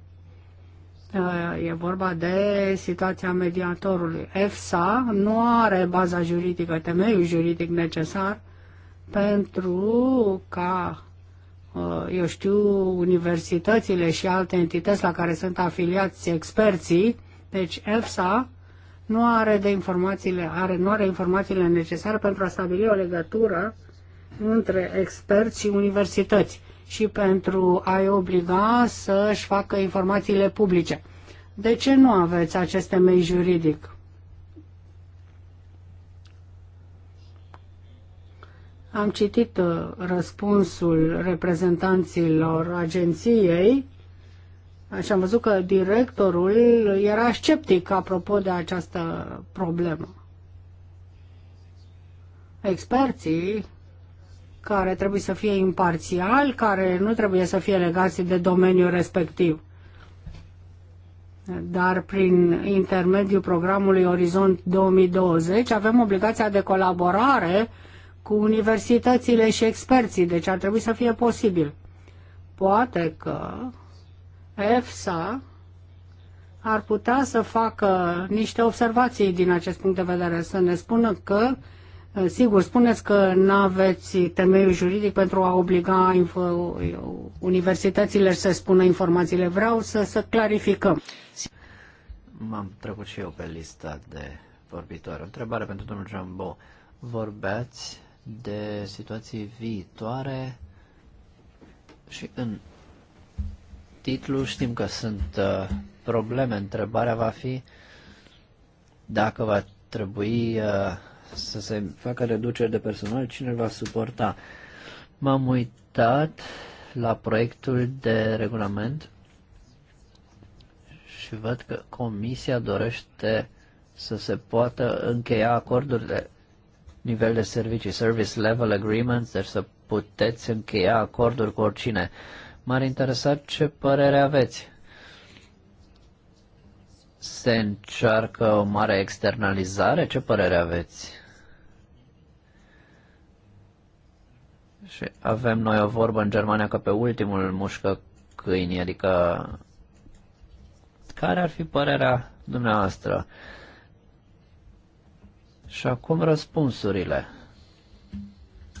Speaker 1: Uh, e vorba de situația mediatorului. EFSA nu are baza juridică, temeiul juridic necesar pentru ca, uh, eu știu, universitățile și alte entități la care sunt afiliați experții, deci EFSA nu are, de informațiile, are, nu are informațiile necesare pentru a stabili o legătură între experți și universități și pentru a-i obliga să-și facă informațiile publice. De ce nu aveți acest temei juridic? Am citit uh, răspunsul reprezentanților agenției și am văzut că directorul era sceptic apropo de această problemă. Experții care trebuie să fie imparțiali, care nu trebuie să fie legați de domeniul respectiv. Dar prin intermediul programului Orizont 2020 avem obligația de colaborare cu universitățile și experții, deci ar trebui să fie posibil. Poate că EFSA ar putea să facă niște observații din acest punct de vedere, să ne spună că, eh, sigur, spuneți că nu aveți temeiul juridic pentru a obliga universitățile să spună informațiile. Vreau să, să clarificăm.
Speaker 2: M-am trecut și eu pe lista de vorbitori. O întrebare pentru domnul Jambo. Vorbeați de situații viitoare și în titlu, știm că sunt uh, probleme. Întrebarea va fi dacă va trebui uh, să se facă reduceri de personal, cine va suporta. M-am uitat la proiectul de regulament și văd că Comisia dorește să se poată încheia acorduri de nivel de servicii, service level agreements, deci să puteți încheia acorduri cu oricine. Uh, M-ar interesa ce părere aveți. Se încearcă o mare externalizare? Ce părere aveți? Și avem noi o vorbă în Germania că pe ultimul mușcă câinii, adică care ar fi părerea dumneavoastră? Și acum răspunsurile.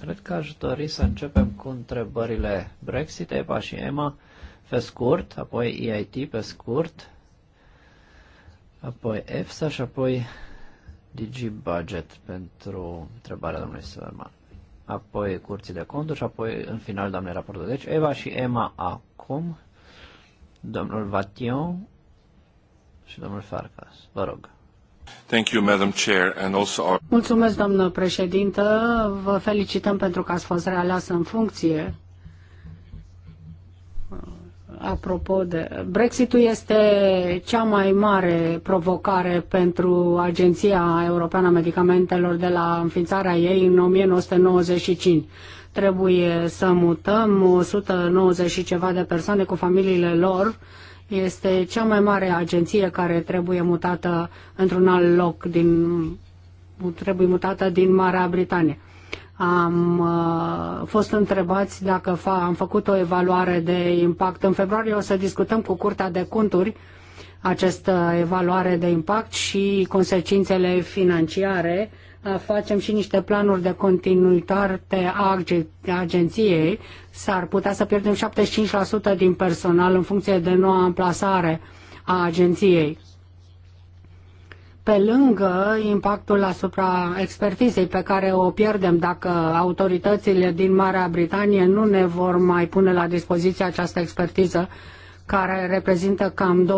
Speaker 2: Cred că aș dori să începem cu întrebările Brexit, EPA și EMA pe scurt, apoi EIT pe scurt, apoi EFSA și apoi DG Budget pentru întrebarea domnului Sărman. Apoi curții de conturi și apoi în final doamne raportul. Deci Eva și Emma acum, domnul Vation și domnul Farcas. Vă rog.
Speaker 3: Thank you, Madam Chair, and also our...
Speaker 1: Mulțumesc, doamnă președintă. Vă felicităm pentru că ați fost realeasă în funcție. Apropo de... Brexitul este cea mai mare provocare pentru Agenția Europeană a Medicamentelor de la înființarea ei în 1995 trebuie să mutăm 190 și ceva de persoane cu familiile lor este cea mai mare agenție care trebuie mutată într-un alt loc, din, trebuie mutată din Marea Britanie. Am uh, fost întrebați dacă fa, am făcut o evaluare de impact. În februarie o să discutăm cu Curtea de Conturi această evaluare de impact și consecințele financiare facem și niște planuri de continuitate a agenției, s-ar putea să pierdem 75% din personal în funcție de noua amplasare a agenției. Pe lângă impactul asupra expertizei pe care o pierdem dacă autoritățile din Marea Britanie nu ne vor mai pune la dispoziție această expertiză, care reprezintă cam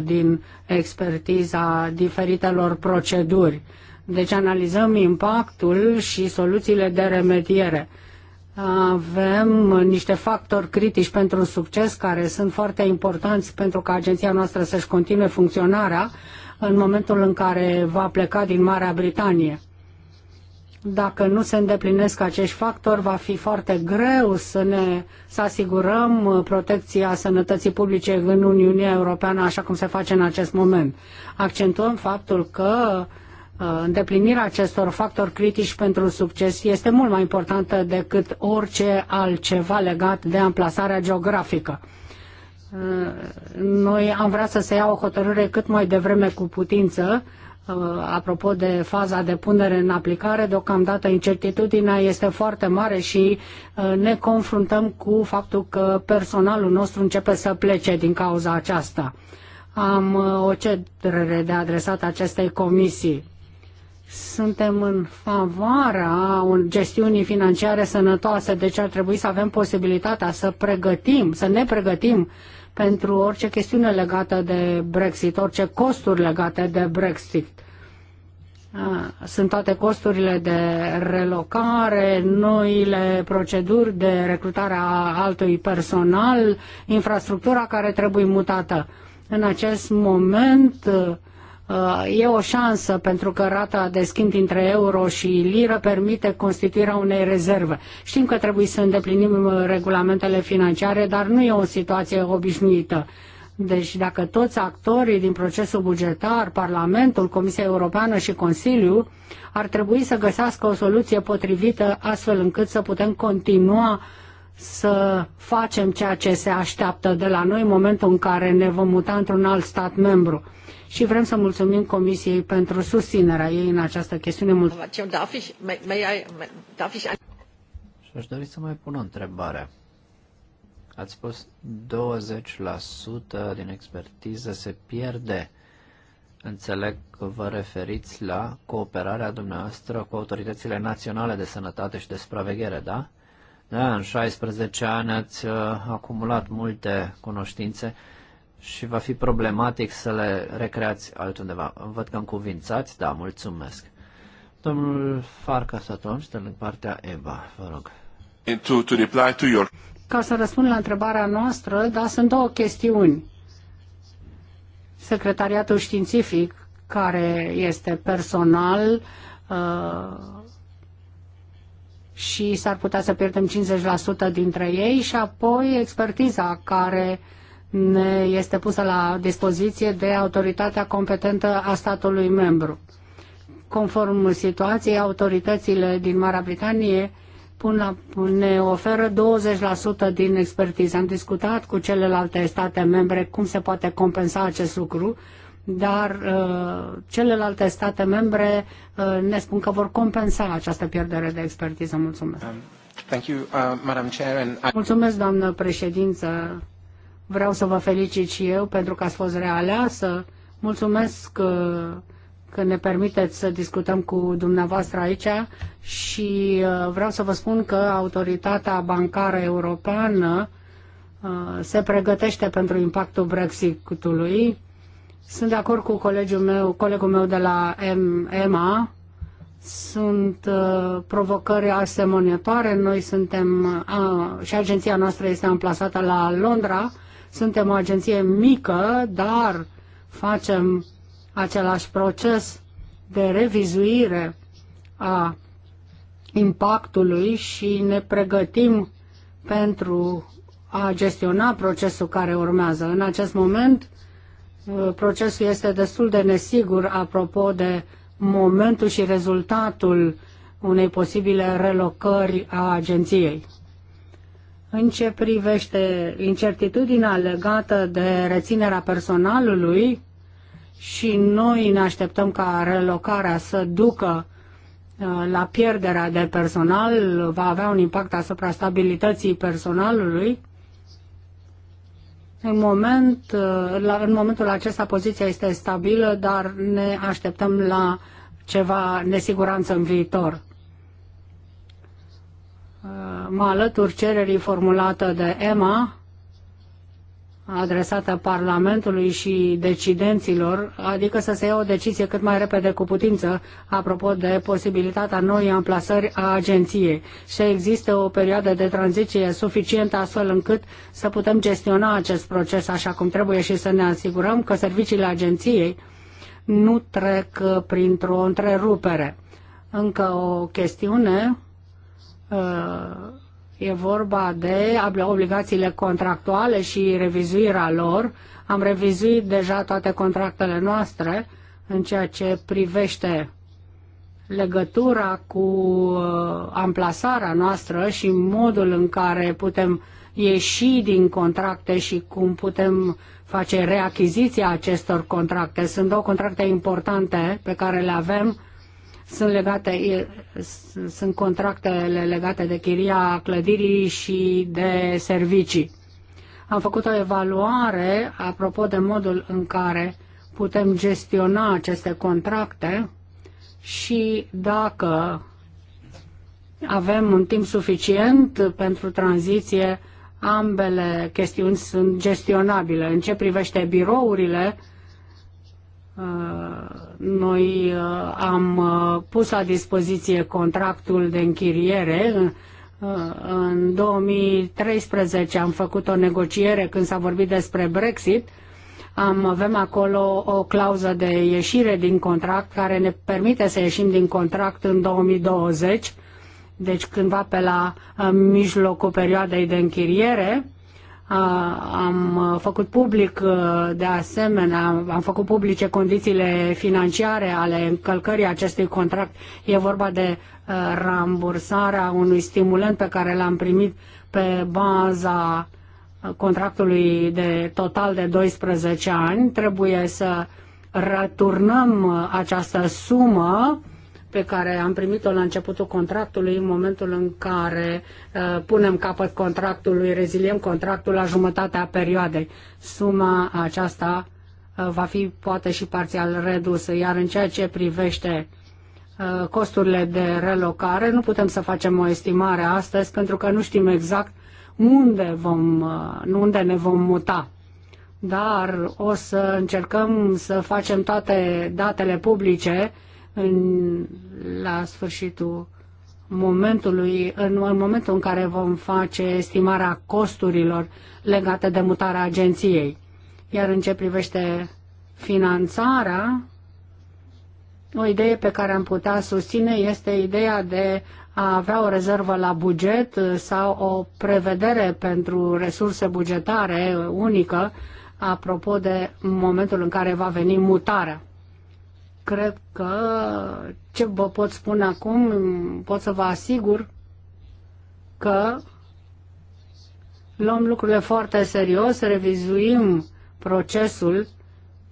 Speaker 1: 20% din expertiza diferitelor proceduri deci analizăm impactul și soluțiile de remediere. Avem niște factori critici pentru un succes care sunt foarte importanți pentru ca agenția noastră să-și continue funcționarea în momentul în care va pleca din Marea Britanie. Dacă nu se îndeplinesc acești factori, va fi foarte greu să ne să asigurăm protecția sănătății publice în Uniunea Europeană, așa cum se face în acest moment. Accentuăm faptul că uh, Uh, îndeplinirea acestor factori critici pentru succes este mult mai importantă decât orice altceva legat de amplasarea geografică. Uh, noi am vrea să se ia o hotărâre cât mai devreme cu putință, uh, apropo de faza de punere în aplicare, deocamdată incertitudinea este foarte mare și ne confruntăm cu faptul că personalul nostru începe să plece din cauza aceasta. Am o cerere de adresat acestei comisii suntem în favoarea gestiunii financiare sănătoase, deci ar trebui să avem posibilitatea să pregătim, să ne pregătim pentru orice chestiune legată de Brexit, orice costuri legate de Brexit. Sunt toate costurile de relocare, noile proceduri de recrutare a altui personal, infrastructura care trebuie mutată. În acest moment, Uh, e o șansă pentru că rata de schimb dintre euro și liră permite constituirea unei rezerve. Știm că trebuie să îndeplinim uh, regulamentele financiare, dar nu e o situație obișnuită. Deci dacă toți actorii din procesul bugetar, Parlamentul, Comisia Europeană și Consiliul ar trebui să găsească o soluție potrivită astfel încât să putem continua să facem ceea ce se așteaptă de la noi în momentul în care ne vom muta într-un alt stat membru și vrem să mulțumim Comisiei pentru susținerea ei în această chestiune. Mulțumesc. Și
Speaker 2: aș dori să mai pun o întrebare. Ați spus 20% din expertiză se pierde. Înțeleg că vă referiți la cooperarea dumneavoastră cu autoritățile naționale de sănătate și de supraveghere, da? Da, în 16 ani ați uh, acumulat multe cunoștințe și va fi problematic să le recreați altundeva. Văd că încuvințați, da, mulțumesc. Domnul Farca atunci, de în partea EBA, vă rog. To, to reply to your...
Speaker 1: Ca să răspund la întrebarea noastră, da, sunt două chestiuni. Secretariatul științific, care este personal, uh, și s-ar putea să pierdem 50% dintre ei și apoi expertiza care uh, ne este pusă la dispoziție de autoritatea competentă a statului membru. Conform situației, autoritățile din Marea Britanie pun la, ne oferă 20% din expertiză. Am discutat cu celelalte state membre cum se poate compensa acest lucru, dar uh, celelalte state membre uh, ne spun că vor compensa această pierdere de expertiză. Mulțumesc. Um,
Speaker 2: thank you, uh, Madam Chair, and
Speaker 1: I... Mulțumesc, doamnă președință. Vreau să vă felicit și eu pentru că ați fost realeasă. Mulțumesc că, uh, că ne permiteți să discutăm cu dumneavoastră aici și uh, vreau să vă spun că autoritatea bancară europeană uh, se pregătește pentru impactul brexit Brexit-ului. Sunt de acord cu colegul meu, colegul meu de la EMA. Sunt uh, provocări asemănătoare. Noi suntem, uh, și agenția noastră este amplasată la Londra suntem o agenție mică, dar facem același proces de revizuire a impactului și ne pregătim pentru a gestiona procesul care urmează. În acest moment, procesul este destul de nesigur apropo de momentul și rezultatul unei posibile relocări a agenției. În ce privește incertitudinea legată de reținerea personalului și noi ne așteptăm ca relocarea să ducă uh, la pierderea de personal, va avea un impact asupra stabilității personalului. În, moment, uh, în momentul acesta poziția este stabilă, dar ne așteptăm la ceva nesiguranță în viitor. Uh, mă alătur cererii formulată de EMA, adresată Parlamentului și decidenților, adică să se ia o decizie cât mai repede cu putință apropo de posibilitatea noii amplasări a agenției. Și există o perioadă de tranziție suficientă astfel încât să putem gestiona acest proces așa cum trebuie și să ne asigurăm că serviciile agenției nu trec printr-o întrerupere. Încă o chestiune Uh, e vorba de obligațiile contractuale și revizuirea lor. Am revizuit deja toate contractele noastre în ceea ce privește legătura cu uh, amplasarea noastră și modul în care putem ieși din contracte și cum putem face reachiziția acestor contracte. Sunt două contracte importante pe care le avem sunt legate, sunt contractele legate de chiria clădirii și de servicii. Am făcut o evaluare apropo de modul în care putem gestiona aceste contracte și dacă avem un timp suficient pentru tranziție, ambele chestiuni sunt gestionabile. În ce privește birourile, Uh, noi uh, am uh, pus la dispoziție contractul de închiriere. În 2013 am făcut o negociere când s-a vorbit despre Brexit. Am, avem acolo o clauză de ieșire din contract care ne permite să ieșim din contract în 2020, deci cândva pe la mijlocul perioadei de închiriere am uh, făcut public uh, de asemenea, am făcut publice condițiile financiare ale încălcării acestui contract. E vorba de uh, rambursarea unui stimulent pe care l-am primit pe baza contractului de total de 12 ani. Trebuie să returnăm această sumă pe care am primit-o la începutul contractului, în momentul în care uh, punem capăt contractului, reziliem contractul la jumătatea perioadei. Suma aceasta uh, va fi poate și parțial redusă, iar în ceea ce privește uh, costurile de relocare, nu putem să facem o estimare astăzi pentru că nu știm exact unde, vom, uh, unde ne vom muta dar o să încercăm să facem toate datele publice în, la sfârșitul momentului, în, în momentul în care vom face estimarea costurilor legate de mutarea agenției. Iar în ce privește finanțarea, o idee pe care am putea susține este ideea de a avea o rezervă la buget sau o prevedere pentru resurse bugetare unică, apropo de momentul în care va veni mutarea cred că ce vă pot spune acum, pot să vă asigur că luăm lucrurile foarte serios, revizuim procesul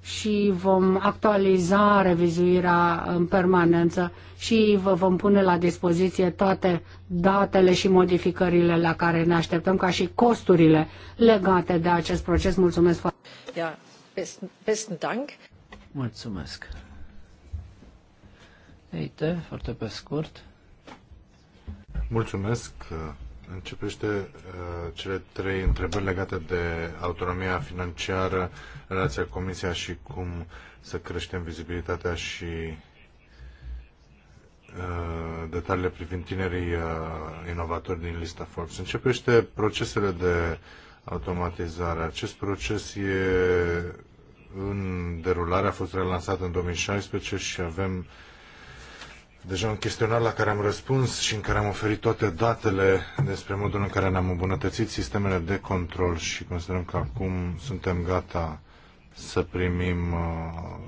Speaker 1: și vom actualiza revizuirea în permanență și vă vom pune la dispoziție toate datele și modificările la care ne așteptăm, ca și costurile legate de acest proces. Mulțumesc foarte mult!
Speaker 2: Mulțumesc! Eite, foarte pe scurt.
Speaker 3: Mulțumesc. Începește uh, cele trei întrebări legate de autonomia financiară, relația cu Comisia și cum să creștem vizibilitatea și uh, detaliile privind tinerii uh, inovatori din lista Forbes. Începește procesele de automatizare. Acest proces e în derulare, a fost relansat în 2016 și avem uh, deja un chestionar la care am răspuns și în care am oferit toate datele despre modul în care ne-am îmbunătățit sistemele de control și considerăm că acum suntem gata să primim uh,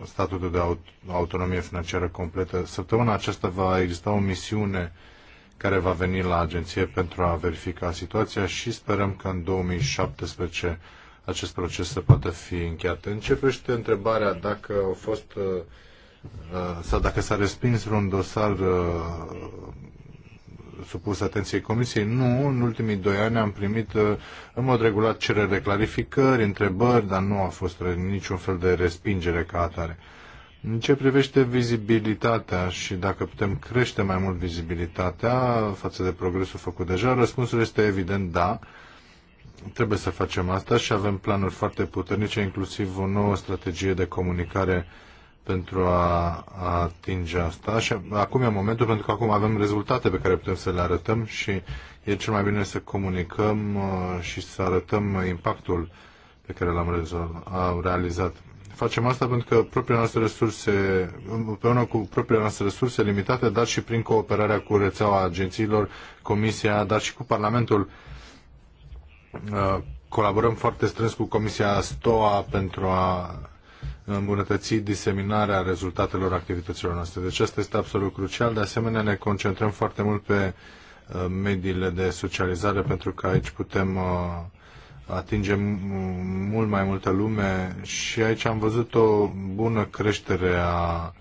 Speaker 3: statutul de autonomie financiară completă. Săptămâna aceasta va exista o misiune care va veni la agenție pentru a verifica situația și sperăm că în 2017 acest proces să poată fi încheiat. Începește întrebarea dacă au fost uh, Uh, sau dacă s-a respins vreun dosar uh, supus atenției Comisiei. Nu, în ultimii doi ani am primit uh, în mod regulat cereri de clarificări, întrebări, dar nu a fost niciun fel de respingere ca atare. În ce privește vizibilitatea și dacă putem crește mai mult vizibilitatea față de progresul făcut deja, răspunsul este evident da. Trebuie să facem asta și avem planuri foarte puternice, inclusiv o nouă strategie de comunicare uh, pentru a atinge asta și acum e momentul pentru că acum avem rezultate pe care putem să le arătăm și e cel mai bine să comunicăm uh, și să arătăm impactul pe care l-am realizat. Facem asta pentru că propriile noastre resurse, împreună cu propriile noastre resurse limitate, dar și prin cooperarea cu rețeaua agențiilor, Comisia, dar și cu Parlamentul, uh, colaborăm foarte strâns cu Comisia STOA pentru a îmbunătăți diseminarea rezultatelor activităților noastre. Deci asta este absolut crucial. De asemenea, ne concentrăm foarte mult pe uh, mediile de socializare pentru că aici putem uh, atinge mult mai multă lume și aici am văzut o bună creștere a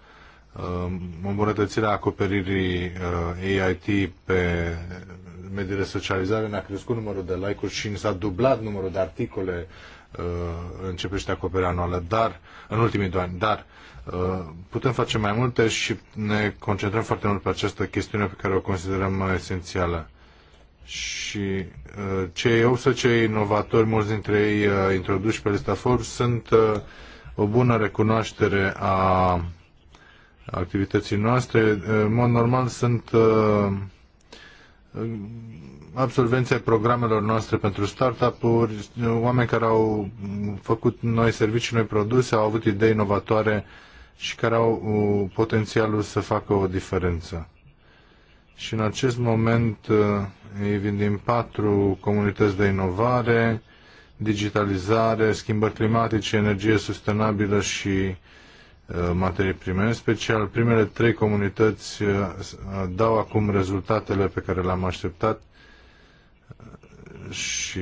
Speaker 3: uh, îmbunătățirea acoperirii AIT pe mediile de socializare ne-a crescut numărul de like-uri și s-a dublat numărul de articole Uh, începește acoperire anuală, dar în ultimii doi ani, dar uh, putem face mai multe și ne concentrăm foarte mult pe această chestiune pe care o considerăm esențială. Și uh, cei 18 inovatori, mulți dintre ei introduși pe lista Forbes, sunt o bună recunoaștere a activității noastre. În mod normal sunt absolvenții programelor noastre pentru startup-uri, oameni care au făcut noi servicii, noi produse, au avut idei inovatoare și care au uh, potențialul să facă o diferență. Și în acest moment uh, ei vin din patru comunități de inovare, digitalizare, schimbări climatice, energie sustenabilă și uh, materii prime. În special, primele trei comunități dau acum rezultatele pe care le-am așteptat și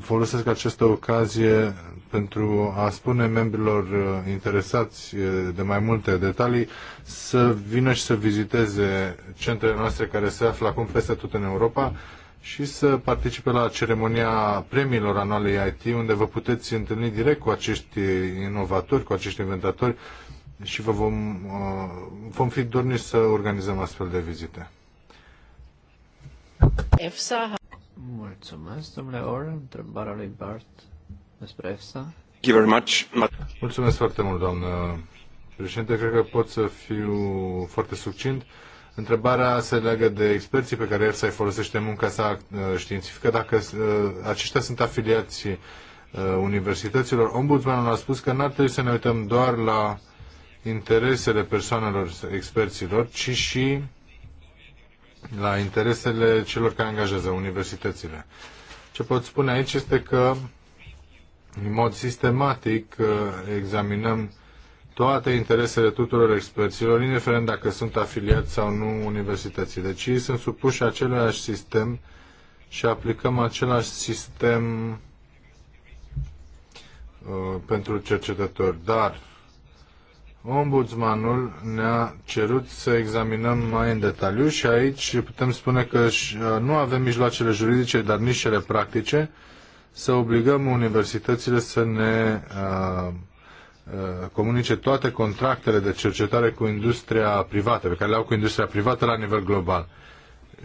Speaker 3: folosesc această ocazie pentru a spune membrilor uh, interesați uh, de mai multe detalii să vină și să viziteze centrele noastre care se află acum peste tot în Europa și să participe la ceremonia premiilor anuale IT, unde vă puteți întâlni direct cu acești inovatori, cu acești inventatori și vă vom, uh, vom fi dorniți să organizăm astfel de vizite. EFSA. Mulțumesc, domnule Orr. Întrebarea lui Bart despre EFSA. Thank you very much. Mulțumesc foarte mult, doamnă președinte. Cred că pot să fiu foarte succint. Întrebarea se leagă de experții pe care EFSA îi folosește în munca sa uh, științifică, dacă uh, aceștia sunt afiliați uh, universităților. Ombudsmanul a spus că n-ar trebui să ne uităm doar la interesele persoanelor experților, ci și la interesele celor care angajează universitățile. Ce pot spune aici este că în mod sistematic examinăm toate interesele tuturor experților, indiferent dacă sunt afiliați sau nu universității. Deci ei sunt supuși același sistem și aplicăm același sistem uh, pentru cercetători. Dar Ombudsmanul ne-a cerut să examinăm mai în detaliu și aici putem spune că uh, nu avem mijloacele juridice, dar nici cele practice, să obligăm universitățile să ne uh, uh, comunice toate contractele de cercetare cu industria privată, pe care le au cu industria privată la nivel global.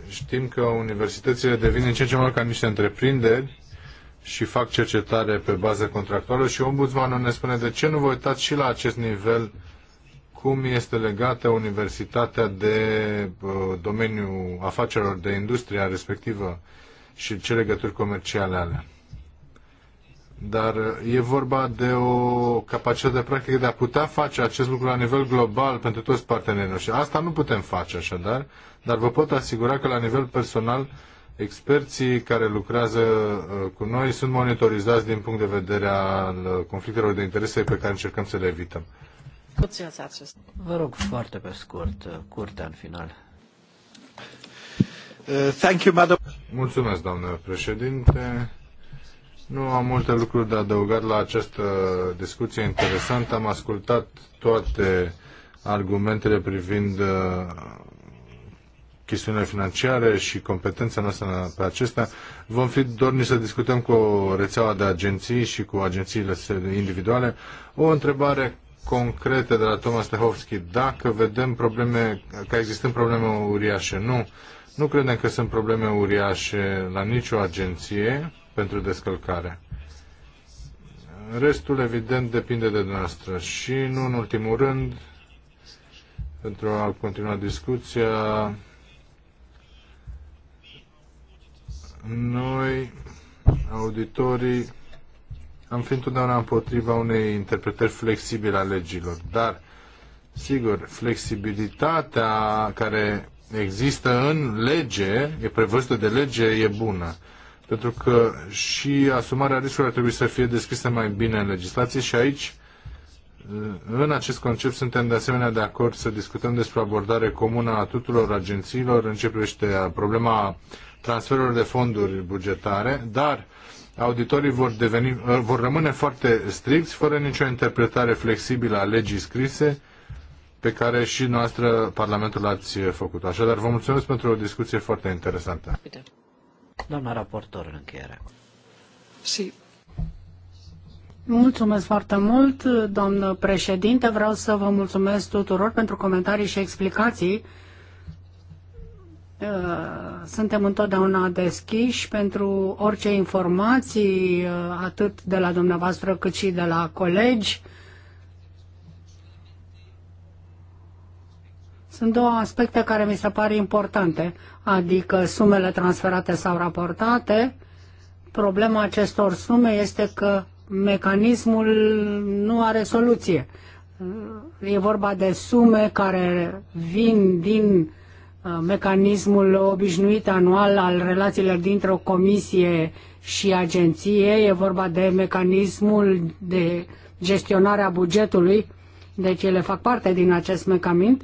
Speaker 3: Știm că universitățile devin în ce în ce mai ca niște întreprinderi și fac cercetare pe bază contractuală și ombudsmanul ne spune de ce nu vă uitați și la acest nivel cum este legată universitatea de uh, domeniul afacerilor, de industria respectivă și ce legături comerciale alea. Dar e vorba de o capacitate practică de a putea face acest lucru la nivel global pentru toți partenerii noștri. Asta nu putem face așadar, dar vă pot asigura că la nivel personal uh, Experții care lucrează uh, cu noi sunt monitorizați din punct de vedere al uh, conflictelor de interese pe care încercăm să le evităm.
Speaker 2: Vă rog foarte pe scurt, uh, curtea în final.
Speaker 3: Thank you, madam. Mulțumesc, doamnă președinte. Nu am multe lucruri de adăugat la această discuție interesantă. Am ascultat toate argumentele privind chestiunile financiare și competența noastră pe acestea, vom fi dorni să discutăm cu rețeaua de agenții și cu agențiile individuale. O întrebare concretă de la Thomas Tehovski. Dacă vedem probleme, că există probleme uriașe, nu. Nu credem că sunt probleme uriașe la nicio agenție pentru descălcare. Restul, evident, depinde de noastră. Și, nu în ultimul rând, pentru a continua discuția, Noi, auditorii, am fi întotdeauna împotriva unei interpretări flexibile a legilor, dar, sigur, flexibilitatea care există în lege, e prevăzută de lege, e bună. Pentru că și asumarea riscului ar trebui să fie descrisă mai bine în legislație și aici, în acest concept, suntem de asemenea de acord să discutăm despre abordare comună a tuturor agențiilor în ce privește problema transferuri de fonduri bugetare, dar auditorii vor, deveni, uh, vor rămâne foarte stricți, fără nicio interpretare flexibilă a legii scrise pe care și noastră Parlamentul ați făcut. Așadar, vă mulțumesc pentru o discuție foarte interesantă.
Speaker 2: Doamna raportor, în încheiere.
Speaker 1: Si. Mulțumesc foarte mult, doamnă președinte. Vreau să vă mulțumesc tuturor pentru comentarii și explicații Uh, suntem întotdeauna deschiși pentru orice informații, uh, atât de la dumneavoastră cât și de la colegi. Sunt două aspecte care mi se par importante, adică sumele transferate sau raportate. Problema acestor sume este că mecanismul nu are soluție. Uh, e vorba de sume care vin din uh, mecanismul obișnuit anual al relațiilor dintre o comisie și agenție, e vorba de mecanismul de gestionare a bugetului, deci ele fac parte din acest mecanism,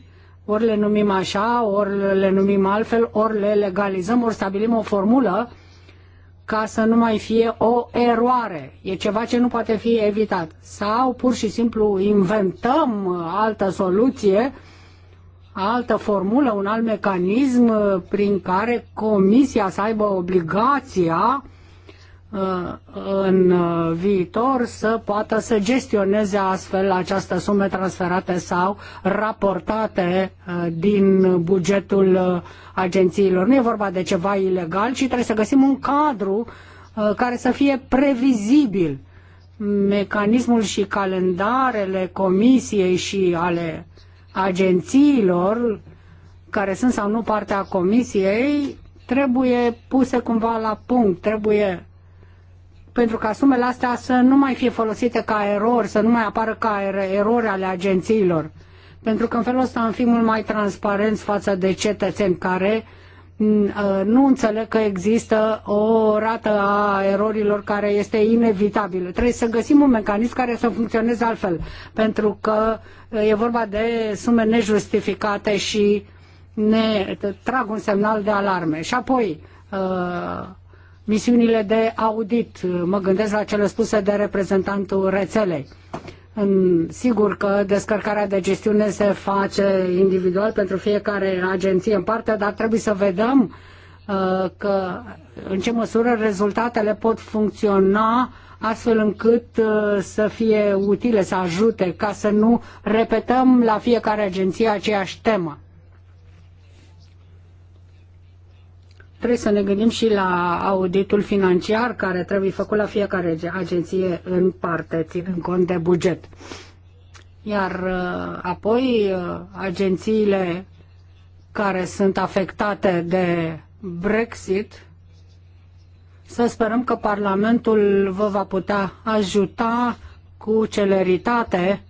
Speaker 1: ori le numim așa, ori le numim altfel, ori le legalizăm, ori stabilim o formulă ca să nu mai fie o eroare. E ceva ce nu poate fi evitat. Sau pur și simplu inventăm altă soluție altă formulă, un alt mecanism uh, prin care comisia să aibă obligația uh, în uh, viitor să poată să gestioneze astfel această sume transferate sau raportate din bugetul agențiilor. Nu e vorba de ceva ilegal, ci trebuie să găsim un cadru care să fie previzibil. Mecanismul și calendarele comisiei și ale agențiilor care sunt sau nu parte a comisiei trebuie puse cumva la punct, trebuie pentru ca sumele astea să nu mai fie folosite ca erori, să nu mai apară ca erori ale agențiilor. Pentru că în felul ăsta am fi mult mai transparenți față de cetățeni care uh, Uh, nu înțeleg că există o rată a erorilor care este inevitabilă. Trebuie să găsim un mecanism care să funcționeze altfel, pentru că uh, e vorba de sume nejustificate și ne trag un semnal de alarme. Și apoi, uh, misiunile de audit, mă gândesc la cele spuse de reprezentantul rețelei. Sigur că descărcarea de gestiune se face individual pentru fiecare agenție în parte, dar trebuie să vedem uh, că în ce măsură rezultatele pot funcționa astfel încât uh, să fie utile, să ajute, ca să nu repetăm la fiecare agenție aceeași temă. Trebuie să ne gândim și la auditul financiar care trebuie făcut la fiecare agenție în parte, ținând cont de buget. Iar uh, apoi uh, agențiile care sunt afectate de Brexit, să sperăm că Parlamentul vă va putea ajuta cu celeritate.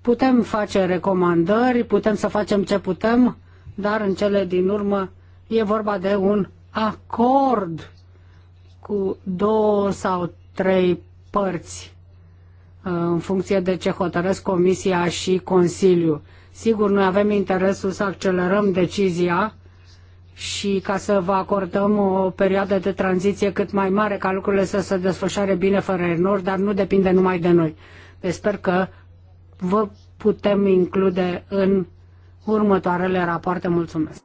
Speaker 1: Putem face recomandări, putem să facem ce putem, dar în cele din urmă E vorba de un acord cu două sau trei părți uh, în funcție de ce hotărăsc Comisia și Consiliul. Sigur, noi avem interesul să accelerăm decizia și ca să vă acordăm o perioadă de tranziție cât mai mare ca lucrurile să se desfășoare bine fără erori, dar nu depinde numai de noi. Deci sper că vă putem include în următoarele rapoarte. Mulțumesc!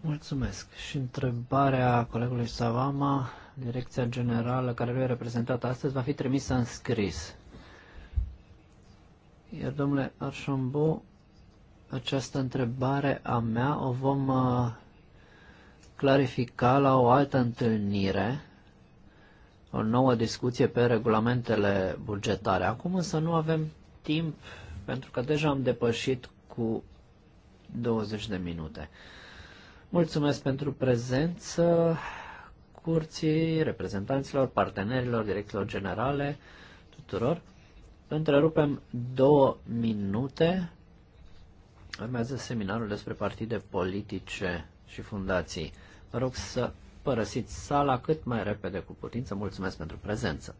Speaker 2: Mulțumesc. Și întrebarea colegului Savama, direcția generală care lui e reprezentată astăzi, va fi trimisă în scris. Iar domnule Arșambu, această întrebare a mea o vom uh, clarifica la o altă întâlnire, o nouă discuție pe regulamentele bugetare. Acum însă nu avem timp pentru că deja am depășit cu 20 de minute. Mulțumesc pentru prezență curții, reprezentanților, partenerilor, directorilor generale, tuturor. Întrerupem două minute. Urmează seminarul despre partide politice și fundații. Vă rog să părăsiți
Speaker 1: sala cât mai repede cu putință. Mulțumesc pentru prezență.